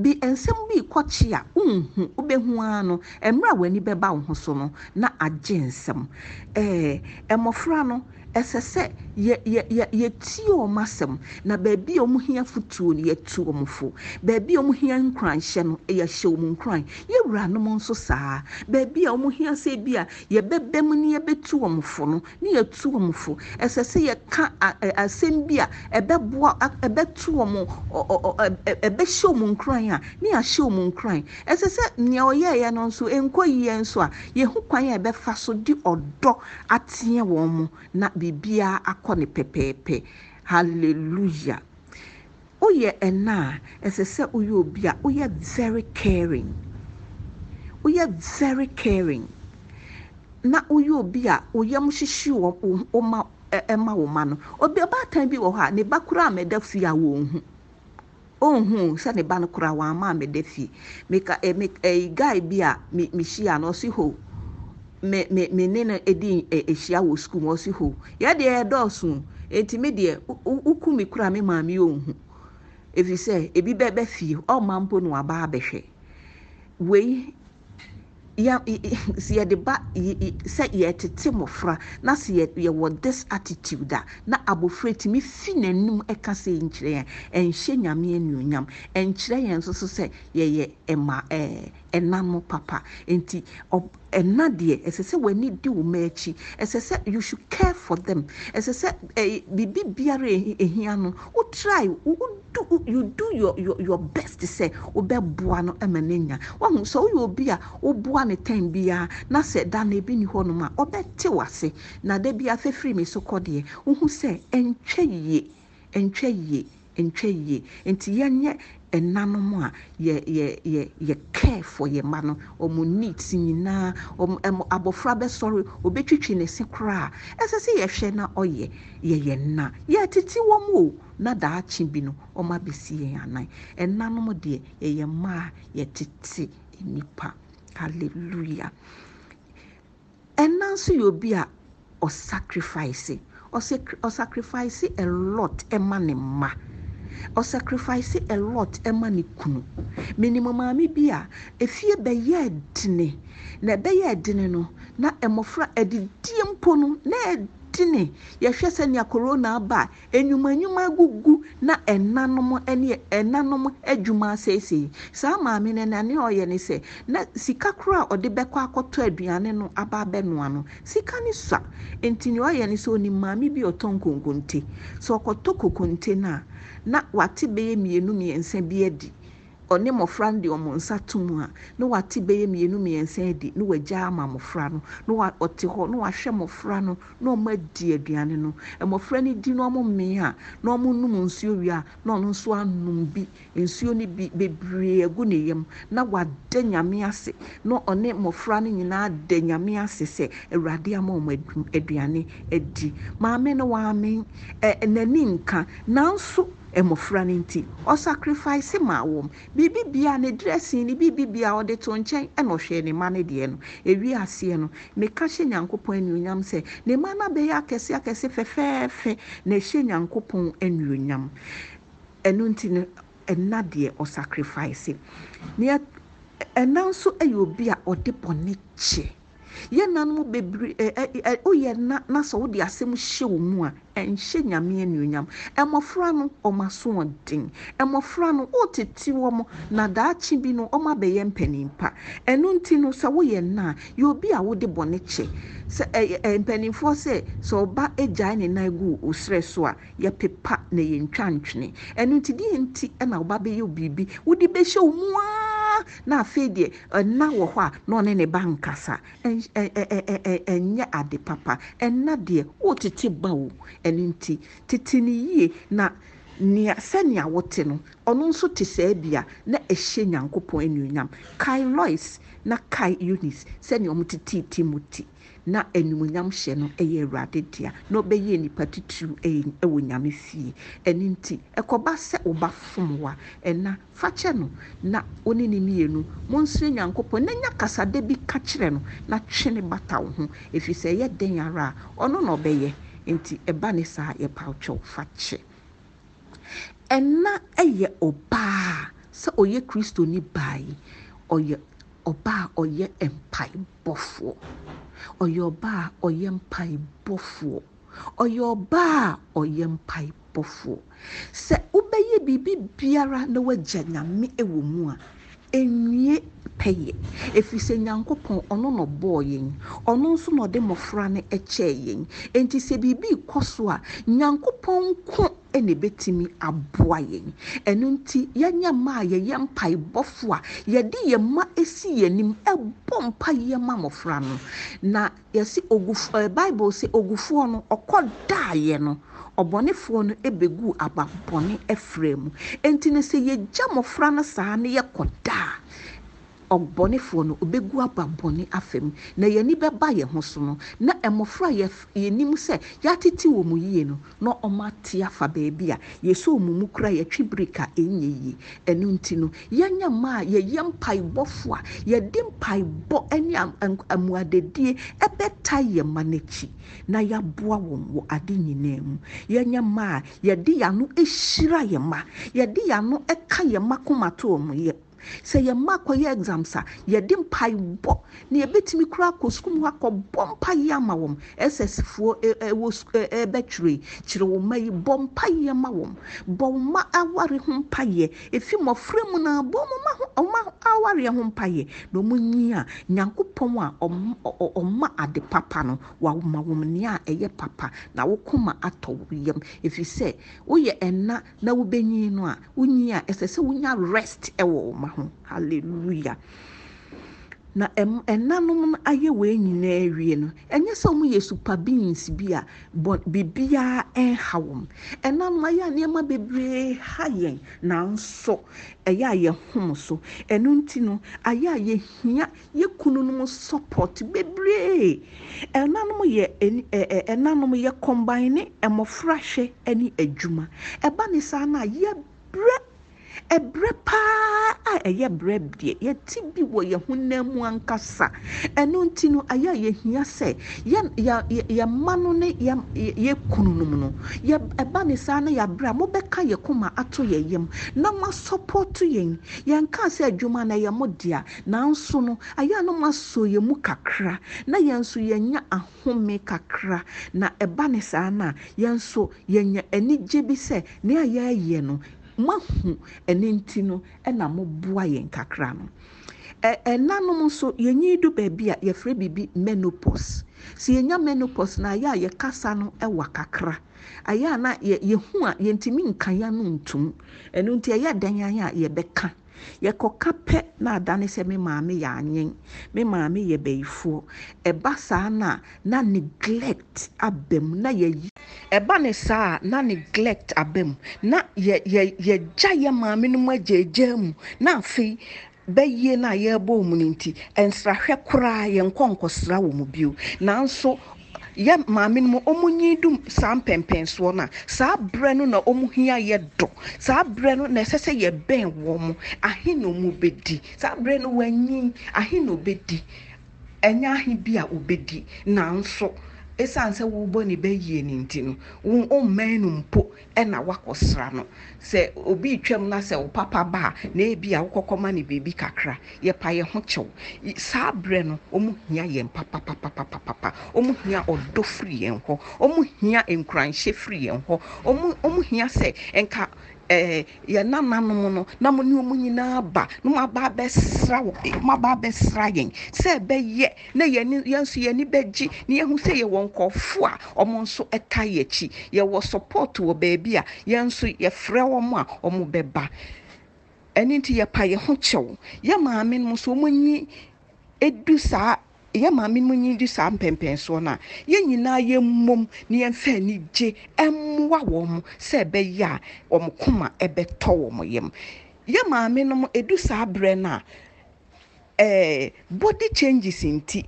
[SPEAKER 3] bi nsɛm bi kɔkye a wonhu wobɛhu ara no mmerɛ a w'ani bɛba wo ho so no na agye nsɛm ɛɛ eh, mmɔfra no ɛsɛ sɛ yɛ yɛ yɛ yɛti wɔn asɛm na beebi a wɔn hia futuo no yɛtu wɔn fo beebi a wɔn hia nkranhyɛ no yɛhyɛ wɔn nkran yɛwura nom nso saa beebi a wɔn hia sɛ bi a yɛbɛbɛ mu ne yɛbɛtu wɔn fo no ne yɛtu wɔn fo ɛsɛ sɛ yɛka a ɛ asɛm bi a ɛbɛboa ɛbɛtu wɔn ɔ ɔ ɔ ɛbɛhyɛ wɔn nkran a ne yɛahyɛ wɔn nkran ɛsɛ sɛ nea ɔyɛɛyɛ no nso nkɔ yie nso a yɛho kwan a yɛbɛfa so de ɔdɔ ateɛ wɔn mo na bi. biribiara akɔ ne pɛpɛɛpɛ hallelujah woyɛ ɛna a ɛsɛ sɛ woyɛ obi a woyɛ very caring woyɛ very caring na woyɛ obi a woyam hyehye wɔ wo ma ɛma wo ma no obi ɔbaatan bi wɔ hɔ a ne ba koraa mɛda fie a wɔnhu ohun sɛ ne ba no koraa wɔn ama mɛda fie meka ɛ me ɛyi guy bi a me mehyia no ɔsi hɔ. me me me ne no edi e, ehyia wɔ sukuu mu ɔsi hɔ yɛdeɛ yɛdɔɔso eti mi deɛ uku mi kura mi maame yɛ ohu efi sɛ ebi bɛ bɛ fie ɔma mpo na waba abɛhwɛ wei ya si yɛde ba sɛ yɛtete mmɔfra na si yɛ yɛwɔ this attitude a na abɔfra tumi fi n'anim ɛka sɛ nkyerɛ yɛn ɛnhyɛ nyame anuonyam ɛnkyerɛ yɛn nso so sɛ yɛyɛ ɛma ɛɛ. ɛnam no papa nti ɛna deɛ ɛsɛ sɛ w'ani di wo mma akyi ɛsɛ sɛ you should care for them ɛsɛ sɛ ɛɛ biribi biara ehia no wo try wo do you do your your your best sɛ wobɛboa no ɛma ne nya wɔn sɛ woyɛ obi a woboa ne tɛn biara na sɛ da na ebi ni hɔnom a te w'ase na da bi afɛfiri mi so kɔ deɛ wohu sɛ ɛntwɛ yie ɛntwɛ yie ntwa yie nti yɛnyɛ ɛnanom a yɛ care for yɛ ma no ɔmo needs nyinaa ɔmo ɛmo abɔfra bɛsɔre obetwitwi ne se koraa ɛsɛ sɛ yɛhwɛ na ɔyɛ yɛyɛ na yɛtete wɔn o na daakye bi no ɔmo abɛsi yɛn anan ɛnanom deɛ yɛyɛ mmaa yɛtete nipa hallelujah ɛna nso yɛ obi a ɔsacrifice ɔsacrifice a lot ɛma ne mma. ɔsacrifice a lot ɛma ne kunu minimu maame bi a efie bɛyɛ ɛdini na ɛbɛyɛ ɛdini no na mmɔfra ɛdidie mpo no na ɛdini yɛhwɛ sɛ nea corona aba a enyuma enyuma agugu na ɛnanom ɛne ɛnanom adwuma asiesie saa maame no na ne ɔyɛ ne sɛ na sika koro a ɔde bɛkɔ akɔtɔ aduane no aba abɛnoa no sika ne sa nti nea ɔyɛ ne sɛ onim maame bi ɔtɔn konkonte sɛ ɔkɔtɔ konkonte no a. na wate bɛyɛ mmienu mmiɛnsa bi adi ɔne mmɔfra no de ɔmo nsa to mu a na wate bɛyɛ mmienu mmiɛnsa adi na wagya ama mmɔfra no na wa ɔte hɔ na wahwɛ mmɔfra no na ɔmo adi aduane no mmɔfra no di na ɔmo mmea a na ɔmo num nsuo wie a na ɔno nso anum bi nsuo no bi bebree agu ne yam na wada nyame ase na ɔne mmɔfra no nyinaa da nyame ase sɛ awurade ama ɔmo aduane adi maame no waame ɛɛ e, e n'ani nka nanso mmɔfra no nti ɔsacrifice ma wɔm biribi bia ne dressing ne biribi bia ɔde to nkyɛn ɛna ɔhwɛ ne ma no deɛ no ewi aseɛ no meka hyɛ nyankopɔn anuonyam sɛ ne ma no abɛyɛ akɛse akɛse fɛfɛɛfɛ na ɛhyɛ nyankopɔn anuonyam ɛno nti no ɛna deɛ ɔsacrifice nea ɛna nso yɛ obi a ɔde bɔne kyɛ yɛn nanom bebree ɛ ɛ woyɛ na na sɛ wode asɛm hyɛ wɔn mu a ɛnhyɛ nyame anuonyam mmɔfra no wɔn aso wɔn den mmɔfra no wɔtete wɔn na daakye bi no wɔn abɛyɛ mpanimpa ɛno nti no sɛ woyɛ na yɛ obi a wode bɔne kyɛ sɛ ɛ ɛ mpanimfoɔ sɛ sɛ ɔba agyae ne nan gu osrɛ so a yɛpepa na yɛntwa ntwene ɛno nti deɛ nti ɛna ɔba bɛyɛ biribi wode bɛhyɛ wɔn mu aa. na afei deɛ ɛna wɔ hɔ a na ɔne ne ba nkasa ɛnyɛ ade papa ɛna deɛ wɔtete ba wo ɛno nti tete ne yie na nea sɛnea wɔte no ɔno nso te saa bia na ɛhyɛ nyankopɔn anuonyam kae lois na Kai Unis sɛnea ɔmo tete ti na animonyam hyɛ no ɛyɛ awurade dea na ɔbɛyɛ nnipa titiri ɛwɔ nyame fie ɛno nti ɛkɔba sɛ ɔba fom wa ɛna fakyɛ no na ɔne ne mmienu monsere na n'anya kasada bi ka kyerɛ no na twe ne bata wo ho ɛfiri sɛ ɛyɛ den ara a ɔno na ɔbɛyɛ nti ɛba ne saa yɛpawtwɛw fakyɛ ɛna ɛyɛ ɔbaa sɛ ɔyɛ kristoni baa yi ɔyɛ ɔbaa a ɔyɛ mpaebɔfoɔ ɔyɛ ɔbaa a ɔyɛ mpaebɔfoɔ ɔyɛ ɔbaa a ɔyɛ mpaebɔfoɔ sɛ wobɛyɛ biribi biara na woagya nyame wɔ mu a ɛnwie pɛ yɛ ɛfiri sɛ nyankopɔn ɔno na ɔbɔɔ yɛn ɔno nso na ɔde mmɔfra no ɛkyɛɛ yɛn enti sɛ biribi kɔ so a nyankopɔn nko ɛna ɛbɛtumi aboa yɛn ɛno nti yɛnyɛ mma a yɛyɛ mpaebɔfo a yɛde yɛn mma si yɛn anim ɛbɔ mpa yɛn ma mmɔfra no na yɛsi ogufo ɛɛ bible sɛ ogufoɔ no ɔkɔ yɛ no ɔbɔnefoɔ no ɛbɛgu ababɔne ɛfrɛ mu enti no sɛ yɛgya mmɔfra no saa ne yɛkɔ daa. ɔbɔnefoɔ no ɔbɛgu aba bɔne afam na yɛn ani bɛba yɛn ho so no na mmɔfra yɛnim sɛ yɛatete wɔ mu yie no na ɔmate afa baabi a yɛsɛ ɔmu mu kora yɛtwe birika ɛnyɛ yie ɛno nti no yɛnyɛ mmaa yɛyɛ mpaebɔfo a yɛde mpaebɔ ne amuadadie ɛbɛta yɛn ma n'akyi na yɛaboa wɔn wɔ ade nyinaa mu yɛnyɛ mmaa yɛde yɛn ano hyira yɛn ma yɛde yɛn ano ka yɛn ma komatoɔ mu yɛ sɛ yɛma akɔyɛ exams a yɛde mpaebɔ na yɛbɛtumi kora akɔ sukuu mu akɔbɔ mpaeɛ ama wɔn ss foɔ ɛwɔ ɛbɛtwerɛ kyerɛ wɔn mma yi bɔ mpaeɛ ma wɔn bɔ mma aware ho mpaeɛ efi mmɔfra mu na bɔ mma ho ma awareɛ ho mpaeɛ na wɔn nyi a nyankopɔn a ɔma ade papa no wama wɔn nea ɛyɛ papa na wɔkoma atɔ yam efi sɛ woyɛ ɛna na wobɛnyi no a wonyi a ɛsɛ sɛ wonya rest ɛwɔ wɔn ma ho hallelujah na ɛnanom no ayɛ wei nyinaa awie no ɛnyɛ sɛ wɔn yɛ super beans bi a biribiara ɛnha wɔn ɛnanom ayɛ a nneɛma bebree ha yɛn nanso ɛyɛ a yɛhom so ɛno nti no ayɛ a yɛhia yɛ kununom support bebree ɛnanom yɛ ɛɛ ɛnanom yɛ combine mmɔfra hwɛ ɛne adwuma ɛba ne saa na yɛ brɛ ɛbrɛ paa a ɛyɛ brɛ deɛ yɛte bi wɔ yɛn ho nan mu ankasa ɛno nti no ayɛ a yɛhia sɛ yɛn mma no ne yɛn kunu no mu no yɛ ɛba e ne saa no yɛabrɛ a mobɛka yɛ koma ato yɛn yam na ma asɔpɔto yɛn yɛn kaa sɛ adwuma no ɛyɛ mo dea nanso no ayɛ a no mo asɔ yɛn mu kakra na yɛn nso yɛnya ahome kakra na ɛba e ne saa no a yɛn nso yɛnya anigye bi sɛ nea yɛayɛ no moahu ɛne nti no ɛna moboa yɛn kakra no ɛnanom nso yɛnyi do baabi a yɛfrɛ biribi menopause si yɛnya menopause na ayɛ a yɛkasa no ɛwa kakra ayɛ a na yɛhu a yɛntumi nka yɛn ano ntum ɛno nti ɛyɛ dan ayɛ a yɛbɛka yɛkɔka pɛ na adane sɛ me maame yɛ anyen me maame yɛ bɛyifoɔ ɛba saa na na neglect aba na yɛyi ɛba ne saa na neglect abam na yɛgya yɛ maame no mu agyaagyaa mu na afei bɛyie no a yɛrebɔ mu no nti nsrahwɛ koraa yɛnkɔ nkɔsra wɔ mu bio nanso yɛ maame no mu ɔmo nyi dum saa mpɛmpɛnsoɔ no a saa berɛ no na ɔmo hia yɛ dɔ saa berɛ no na ɛsɛ sɛ yɛbɛn wɔn ahe na ɔmo bɛdi saa berɛ no wɔanyi ahe na ɔbɛdi ɛnyɛ ahe bi a ɔbɛdi nanso. ɛsiane sɛ wobɔ ne bɛyie ne nti no womman no mpo ɛna wakɔsra no sɛ obi twam na sɛ wo papa ba a na ebi a wokɔkɔma ne biribi kakra yɛpa yɛ ho kyɛw saa berɛ no ɔmu hia yɛn papapapapapa ɔmu hia ɔdɔ firi yɛn hɔ ɔmu hia nkuranhyɛ firi yɛn hɔ ɔmu hia sɛ ɛnka ɛɛ eh, yɛn nananom no na mo ne wɔn nyinaa ba na mo aba abɛsra wɔ eh, mo aba abɛsra yɛn sɛ ɛbɛyɛ na yɛn yɛn nso yɛn ani bɛgye na yɛn ho sɛ yɛwɔ nkɔfo a wɔn nso ɛta yɛn akyi yɛwɔ support wɔ baabi a yɛn nso yɛfrɛ wɔn a wɔn bɛba ɛne nti yɛpa yɛn ho kyɛw yɛ maame no nso wɔn nyi edu saa yɛ maame mu nyi di saa mpɛmpɛnsoɔ no a yɛn nyinaa yɛ mmom na yɛn fɛ ni gye ɛmmoa wɔn sɛ ɛbɛyɛ a wɔn koma ɛbɛtɔ wɔn yam yɛ maame no edu saa berɛ no a ɛɛ body changes nti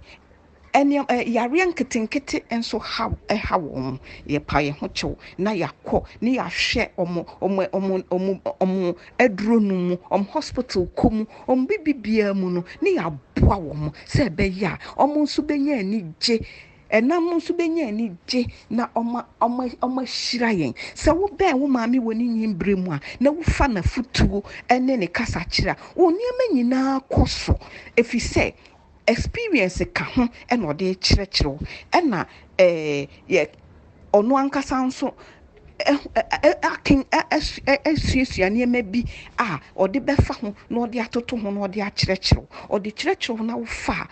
[SPEAKER 3] ɛnneɛm ɛ yareɛ nketenkete nso ha ɛha wɔn yɛpa yɛn ho kyɛw na y'akɔ na y'ahwɛ ɔmo ɔmo ɔmo ɔmo ɔmo aduro no mu ɔmo hospital kɔ mu ɔmo bibi biara mu no na y'aboa wɔn sɛ ɛbɛyɛ a ɔmo nso bɛnya anigye ɛnam nso bɛnya ani gye na ɔma ɔma ɔma hyira yɛn sɛ wobɛn wo maame wɔ ne nyimbere mu a na wofa n'afotuo ɛne ne kasakyerɛ a wɔn nneɛma nyinaa kɔ so efi sɛ experience ka ho ɛna ɔde kyerɛkyerɛ wo ɛna ɛɛ eh, yɛ ɔno ankasa nso eh, eh, akin asuasua nneɛma bi a ɔde bɛfa ho na ɔde atoto ho na ɔde akyerɛkyerɛ ɔde kyerɛkyerɛ ho na wofa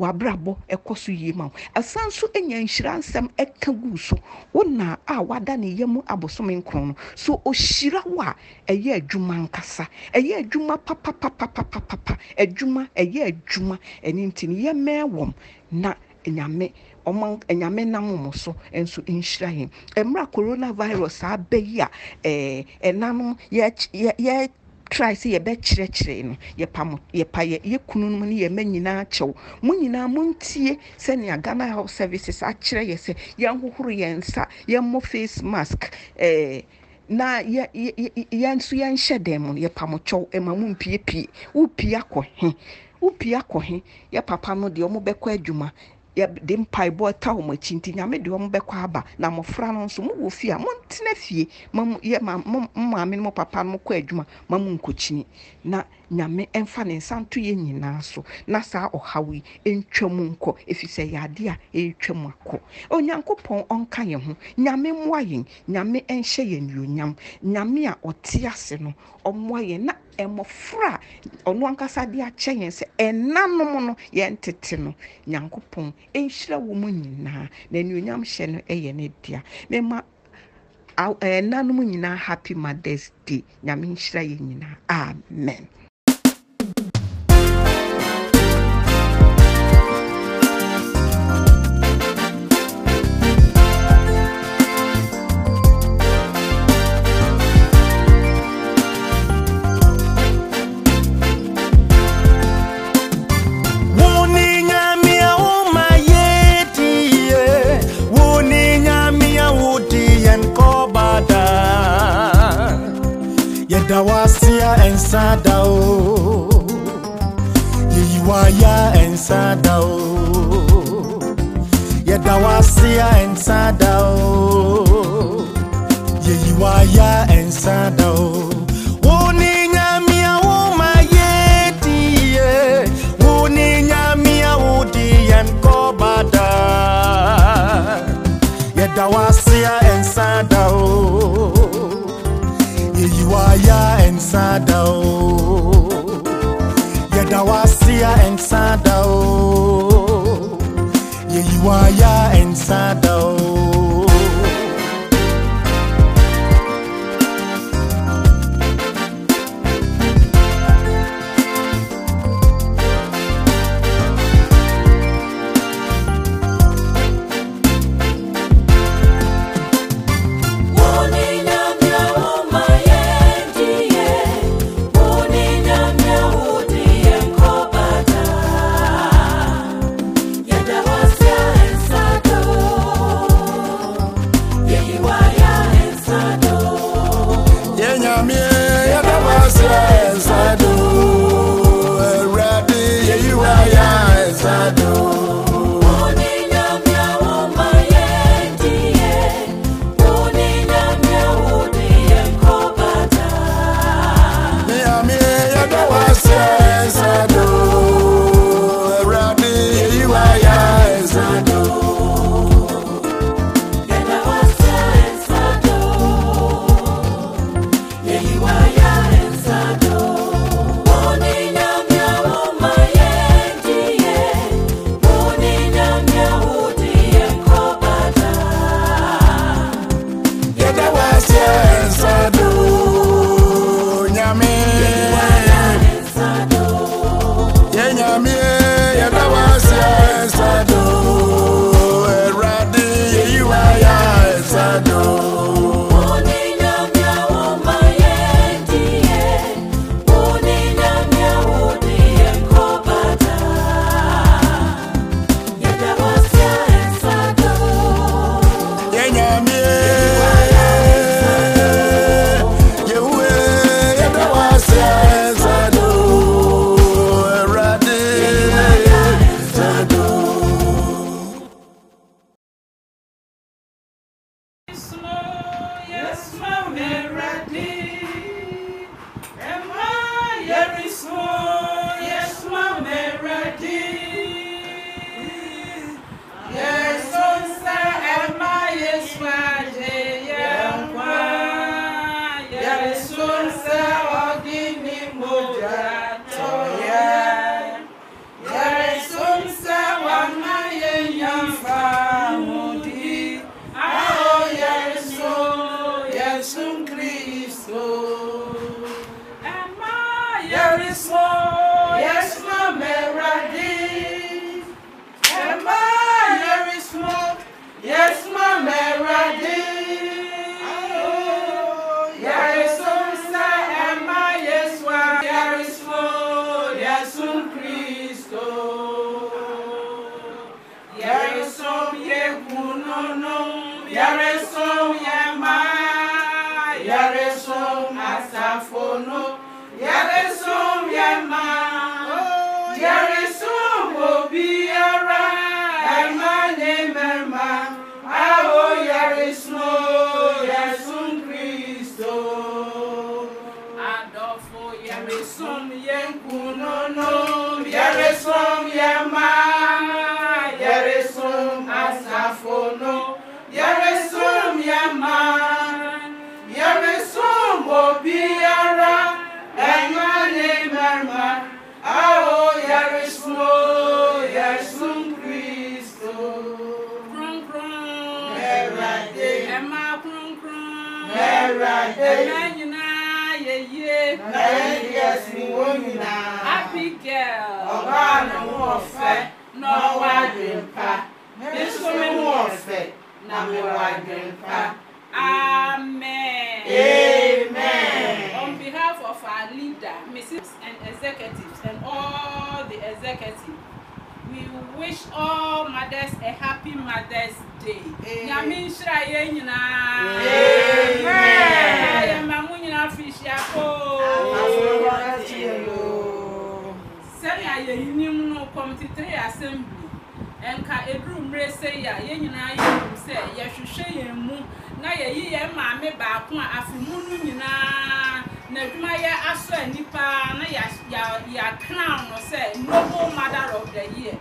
[SPEAKER 3] w'abrabɔ ɛkɔ so yie ma wo ɛsan nso nya nhyira nsɛm ɛka gu so wo na a wada ne yam abosome nkron no so ohyira wo a ɛyɛ adwuma nkasa ɛyɛ adwuma papapapapapa adwuma ɛyɛ adwuma ɛne nti no yɛmɛɛ wɔm na nyame ɔman ɛnyame nam mo so nso nhyira yɛn mmerɛ coronavirus abɛyi a ɛɛ ɛnanum yɛ yɛ try sɛ yɛbɛkyerɛkyerɛ no yɛpa yɛ yɛkunu no ne yɛma nyinaa kyɛw mo nyinaa montie sɛnea ghana health services akyerɛ yɛ sɛ yɛnhohoro yɛn nsa yɛmmɔ face mask eh, na yɛn nso yɛnhyɛ dan mu no yɛpamotwɛw ma mu mpiepie wopie akɔ he wopie akɔ he yɛ papa no deɛ ɔmo adwuma yɛde mpaebɔ ta wɔn akyi nti nyame deɛ wɔn bɛkɔ aba na mmɔfra no nso mo wɔ fie a mo ntena fie ma mo yɛ ma mo maame no mo papa no mo kɔ adwuma ma mo nkokyini na nyame mfa ne nsa nto yɛ nyinaa so na saa ɔhaw yi ntwa mu nkɔ efisɛ yadeɛ a ɛretwa mu akɔ onyankopɔn ɔnka yɛn ho nyame mmoa yɛn nyame nhyɛ yɛn nnuonyam nyame a ɔte ase no ɔmmoa yɛn na mmɔfra a ɔno ankasa de akyɛ yɛn sɛ ɛnanom no yɛntete no nyankopɔn ɛnhyira wɔ mu nyinaa na anuonyam hyɛ no ɛyɛ ne dea mema ɛnanom nyinaa happy mothers day nyame nhyira yɛ nyinaa amen
[SPEAKER 5] Adawasiya ensada o Yeyiwaya ensada o Yedawasiya ensada o Yeyiwaya ensada o Yedawasiya ensada nsada o yɛda w'asea ɛnsada o yɛyiwaya ɛnsada o
[SPEAKER 10] Amen nyinaa yɛ yie. Na yɛn deɛ si wɔn nyinaa. Abigail. Ɔbaa ne ho
[SPEAKER 11] Amen. Amen. On
[SPEAKER 10] behalf of our leader, Mrs. and executives and all the executives we wish all mothers a happy mothers day nyame nhyira yɛ nyinaa yɛ ma mo nyinaa firi hyiako sɛnea yɛyinim no committee three assembly nka eduru mmerɛ sei a yɛn nyinaa yɛnim sɛ yɛhwehwɛ yɛn mu na yɛyi yɛn maame baako a afe mu no nyinaa n'adwumayɛ asɔ ani paa na yɛakra no sɛ noble mother of the year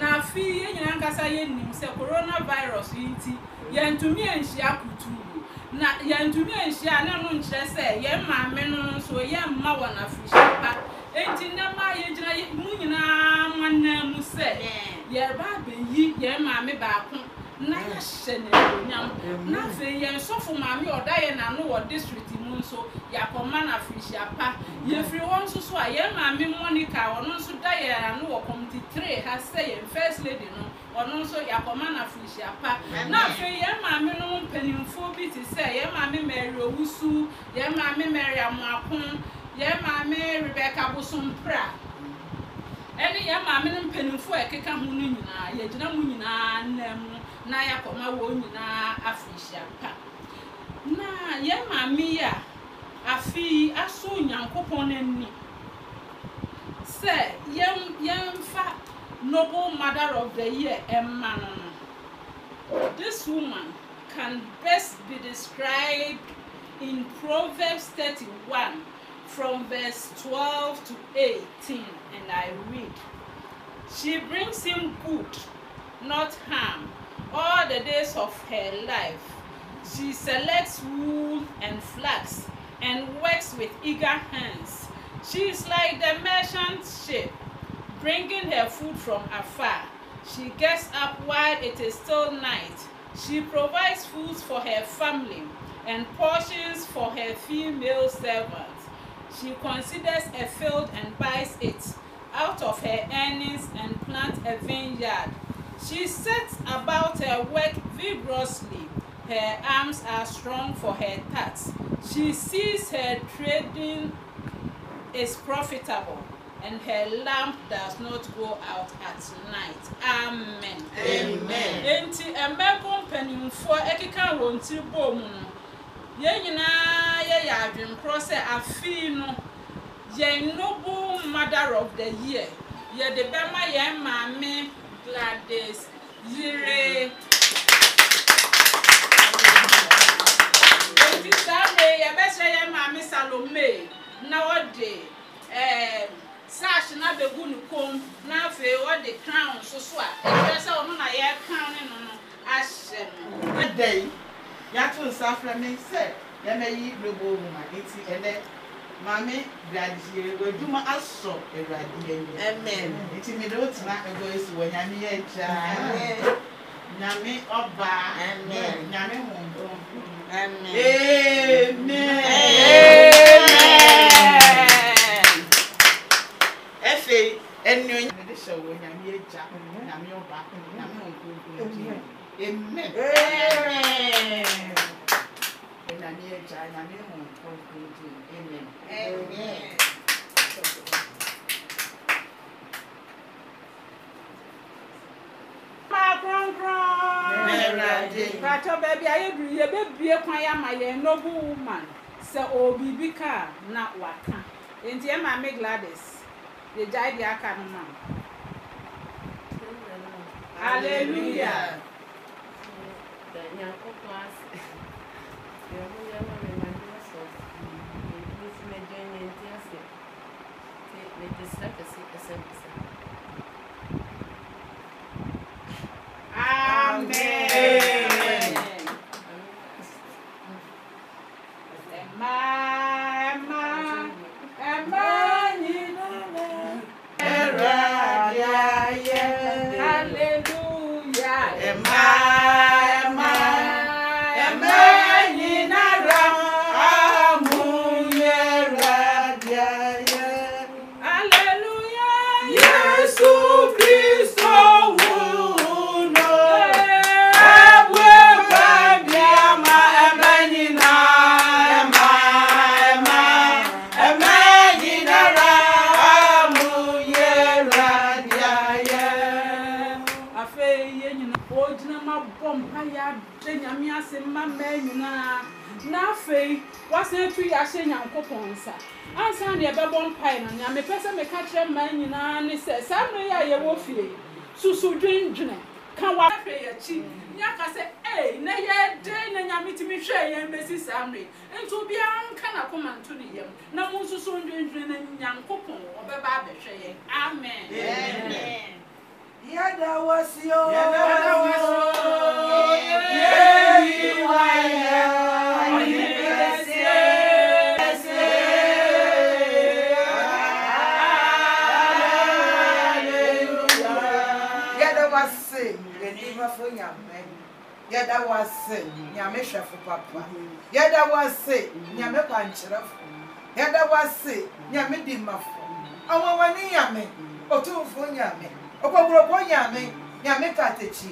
[SPEAKER 10] na afi yɛn nyinaa nkasa yɛnim sɛ coronavirus yi nti yɛntumi anhyia kutuu na yɛntumi anhyia na no nkyerɛ sɛ yɛn maame no nso yɛmma wɔn afihyia pa eti ndị mma ya gyina mụ nyinaa nwanne mu sɛ yɛreba abɛyi yɛn maame baako na hyehyɛ n'anuonyam na afei yɛn sɔfo maame ɔda yɛn n'ano wɔ district mu nso yɛakɔma no afirihyia yɛfiri hɔ nso so a yɛn maame monica ɔno nso da ano wɔ committee three ha sɛ yɛn first lady no ɔno nso yɛakɔma no afirihyia pa yɛn maame no bi yɛn maame rebeka bosompra ɛne yɛn a ɛkeka ho no nyinaa mu nyinaa na yɛakɔma wɔn nyinaa mpa na yɛn yi a afei aso onyankopɔn n'ani sɛ yɛn yɛnfa noble mother of the year ɛmma this woman can best be described in proverbs thirty from verse 12 to 18, and I read She brings him good, not harm, all the days of her life. She selects wool and flax and works with eager hands. She is like the merchant ship, bringing her food from afar. She gets up while it is still night. She provides food for her family and portions for her female servants. She considers a field and buys it out of her earnings and plants a vineyard. She sets about her work vigorously. Her arms are strong for her task. She sees her trading is profitable and her lamp does not go out at night. Amen. Amen. Enti ẹ̀mẹ́kùn pẹ̀lú fún ẹ̀kíkà wọ̀ntí bò yɛn nyinaa yɛyɛ adwemporɔ sɛ afei no yɛn noble mother of the year bɛma maame gladys yire eti saa mee yɛbɛhyɛ yɛn salome na ɔde ɛɛ eh, sash na ne kɔn na afei ɔde crown nso na yɛn crown no no ahyɛ
[SPEAKER 12] yàtò nsafrɛ mi sɛ yɛmɛyi global woman eti ɛnɛ maame bradie wadwuma asɔ awurade anim amen eti mi de o tena ɛgɔ esi wɔ nyame yɛ gyaa nyame ɔbaa amen nyame hombom amen amen afei ɛnua nyame de hyɛ wɔ nyame yɛ gya nyame ɔbaa nyame hombom amen amen.
[SPEAKER 10] mpakyɛw baabi a yɛduru yɛbɛbie kwan yɛ ama yɛn noble woman sɛ ɔbiribi kaa na waka nti yɛ maame gladys yɛgyae deɛ aka no ma
[SPEAKER 11] aleluya
[SPEAKER 4] nyankopɔn ase
[SPEAKER 10] mepɛ sɛ meka kyerɛ mmaa nyinaa ne sɛ saa mmerɛ yi a yɛwɔ fie susu dwendwene ka wa hwɛ yɛkyi ne aka sɛ ei na yɛde na nyame tumi hwɛ yɛn bɛsi saa mmerɛ nti obiara nka n'akoma nto ne yam na mo nsusu ndwendwene na nyankopɔn ɔbɛba abɛhwɛ yɛn amen
[SPEAKER 12] yɛda wɔ si o yɛda wɔ si o yɛyi wa yɛn. yɛda wo ase nyame hwɛfo papa mhm. yɛda wo ase mhm. nyame kwankyerɛfo mhm. yɛda wo ase nyame dimafo ɔwawane nyame ɔtumfo nyame ɔkɔborɔbɔ nyame nyame katakyi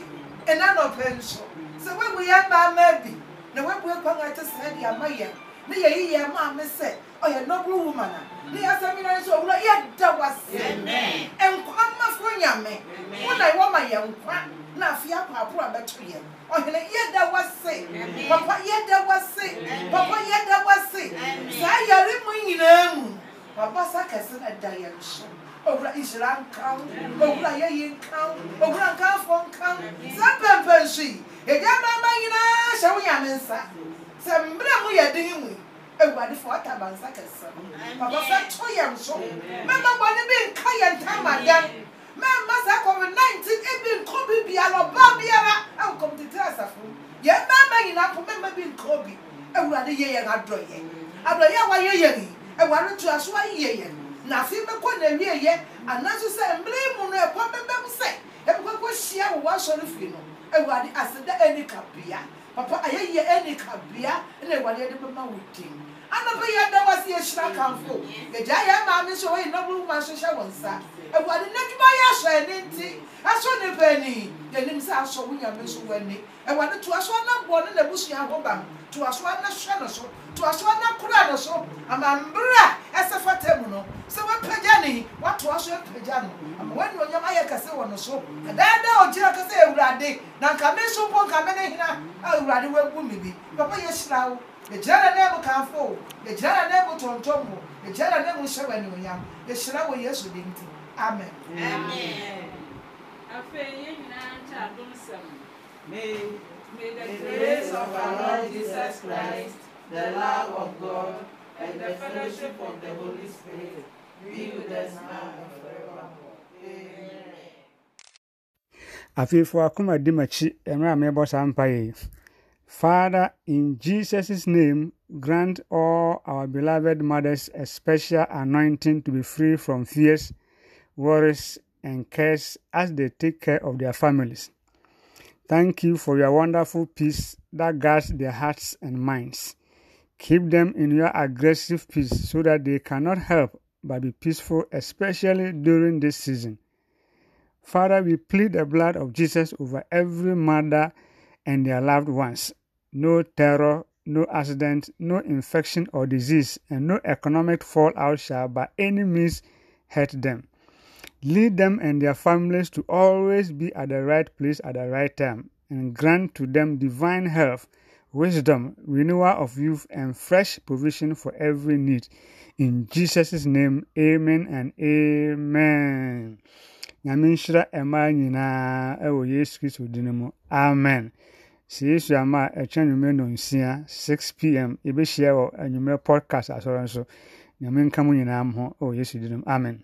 [SPEAKER 12] ɛna nɔpɛ nso sɛ woabu yɛ mmaa bi na woabu kwan a ɛte saa de ama yɛn ne yɛ yi yɛ maame sɛ ɔyɛ noble woman a ne yɛ asɛm yɛn nso owurɔ yɛ da wase nkwa ma fo nyame wɔn na wɔma yɛ nkwa na afi apaaporo abɛto yɛ ɔhene yɛ da wase papa yɛ da wase papa yɛ da wase saa yare mu nyinaa mu papa sa kɛse na da yɛn so owura nhyira nkaw owura yɛyi nkaw owura nkafo nkaw saa pɛmpɛ nso yi yɛdi amaama nyinaa hyɛ wo nyame nsa sɛ mmerɛ mu yɛ den mu awurade fo ata bansa kɛsɛ papa sɛ to yɛn so mɛma bɔne bi nka yɛn ntamadɛn mɛma sɛ covid nineteen ebi nkɔ bi biara ɔbaa biara ɛnkɔmtetire asafo yɛn mɛma nyinaa po mɛma bi nkɔ bi awurade yɛ yɛn adɔyɛ adɔyɛ a wayɛ yɛn yi awurade to aso ayɛ yɛn na afi mɛkɔ na awie yɛ anaso sɛ mmerɛ mu no ɛkɔ mɛmɛm sɛ ɛbɛkɔ kɔ hyia wɔ wɔasɔre fie no awurade aseda ani kabea papa ayɛ yɛ ɛne kabea ɛna ɛwale yɛde bɛma wo din anapa yɛ dɛm ase yɛhyira kanfo yɛgya yɛ maame nso wɔyɛ nɔbɔ nwoma nso hyɛ wɔn nsa ɛwale n'adwuma yɛ asɔ ɛne nti asɔ ne bɛni yɛnim sɛ asɔ wo nyame nso wɔ ani ɛwale to asɔ anabɔ ne na ebusua ho bam to asɔ anahwɛ ne so To toasoɔ na kora ne so ama mmerɛ a ɛsɛ fata mu no sɛ wapagya ne watoa so apagya no ama wanuonyam ayɛ kɛse wɔ ne so ɛdaa da ɔgyina kɛ sɛ na nka me so mpo nka me ne hena a awurade wabu me bi papa yɛhyira wo yɛgyina ne nan mu kamfo wo yɛgyina ne nan mu tontom wo yɛgyina ne nan mu hyɛ w'anuonyam yɛhyira wɔ yesu din nti amen
[SPEAKER 10] afei yɛn nyinaa nkyɛ
[SPEAKER 11] May, may the grace of our Lord Jesus Christ the love of God, and the fellowship of the Holy Spirit be with us now and forever.
[SPEAKER 13] Amen. Father, in Jesus' name, grant all our beloved mothers a special anointing to be free from fears, worries, and cares as they take care of their families. Thank you for your wonderful peace that guards their hearts and minds. Keep them in your aggressive peace so that they cannot help but be peaceful, especially during this season. Father, we plead the blood of Jesus over every mother and their loved ones. No terror, no accident, no infection or disease, and no economic fallout shall by any means hurt them. Lead them and their families to always be at the right place at the right time, and grant to them divine health wisdom, renewal of youth, and fresh provision for every need. In Jesus' name, amen and amen. nyame nhyira mmaa nyinaa ɛwɔ yesu kristo amen sɛ yesu ama a ɛkyɛ nnwummerɛ nonsia 6 pm yɛbɛhyia wɔ anwummerɛ podcast asɔre nso nyame nka mu nyinaa m ho ɛwɔ yesu amen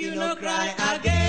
[SPEAKER 5] you no cry again.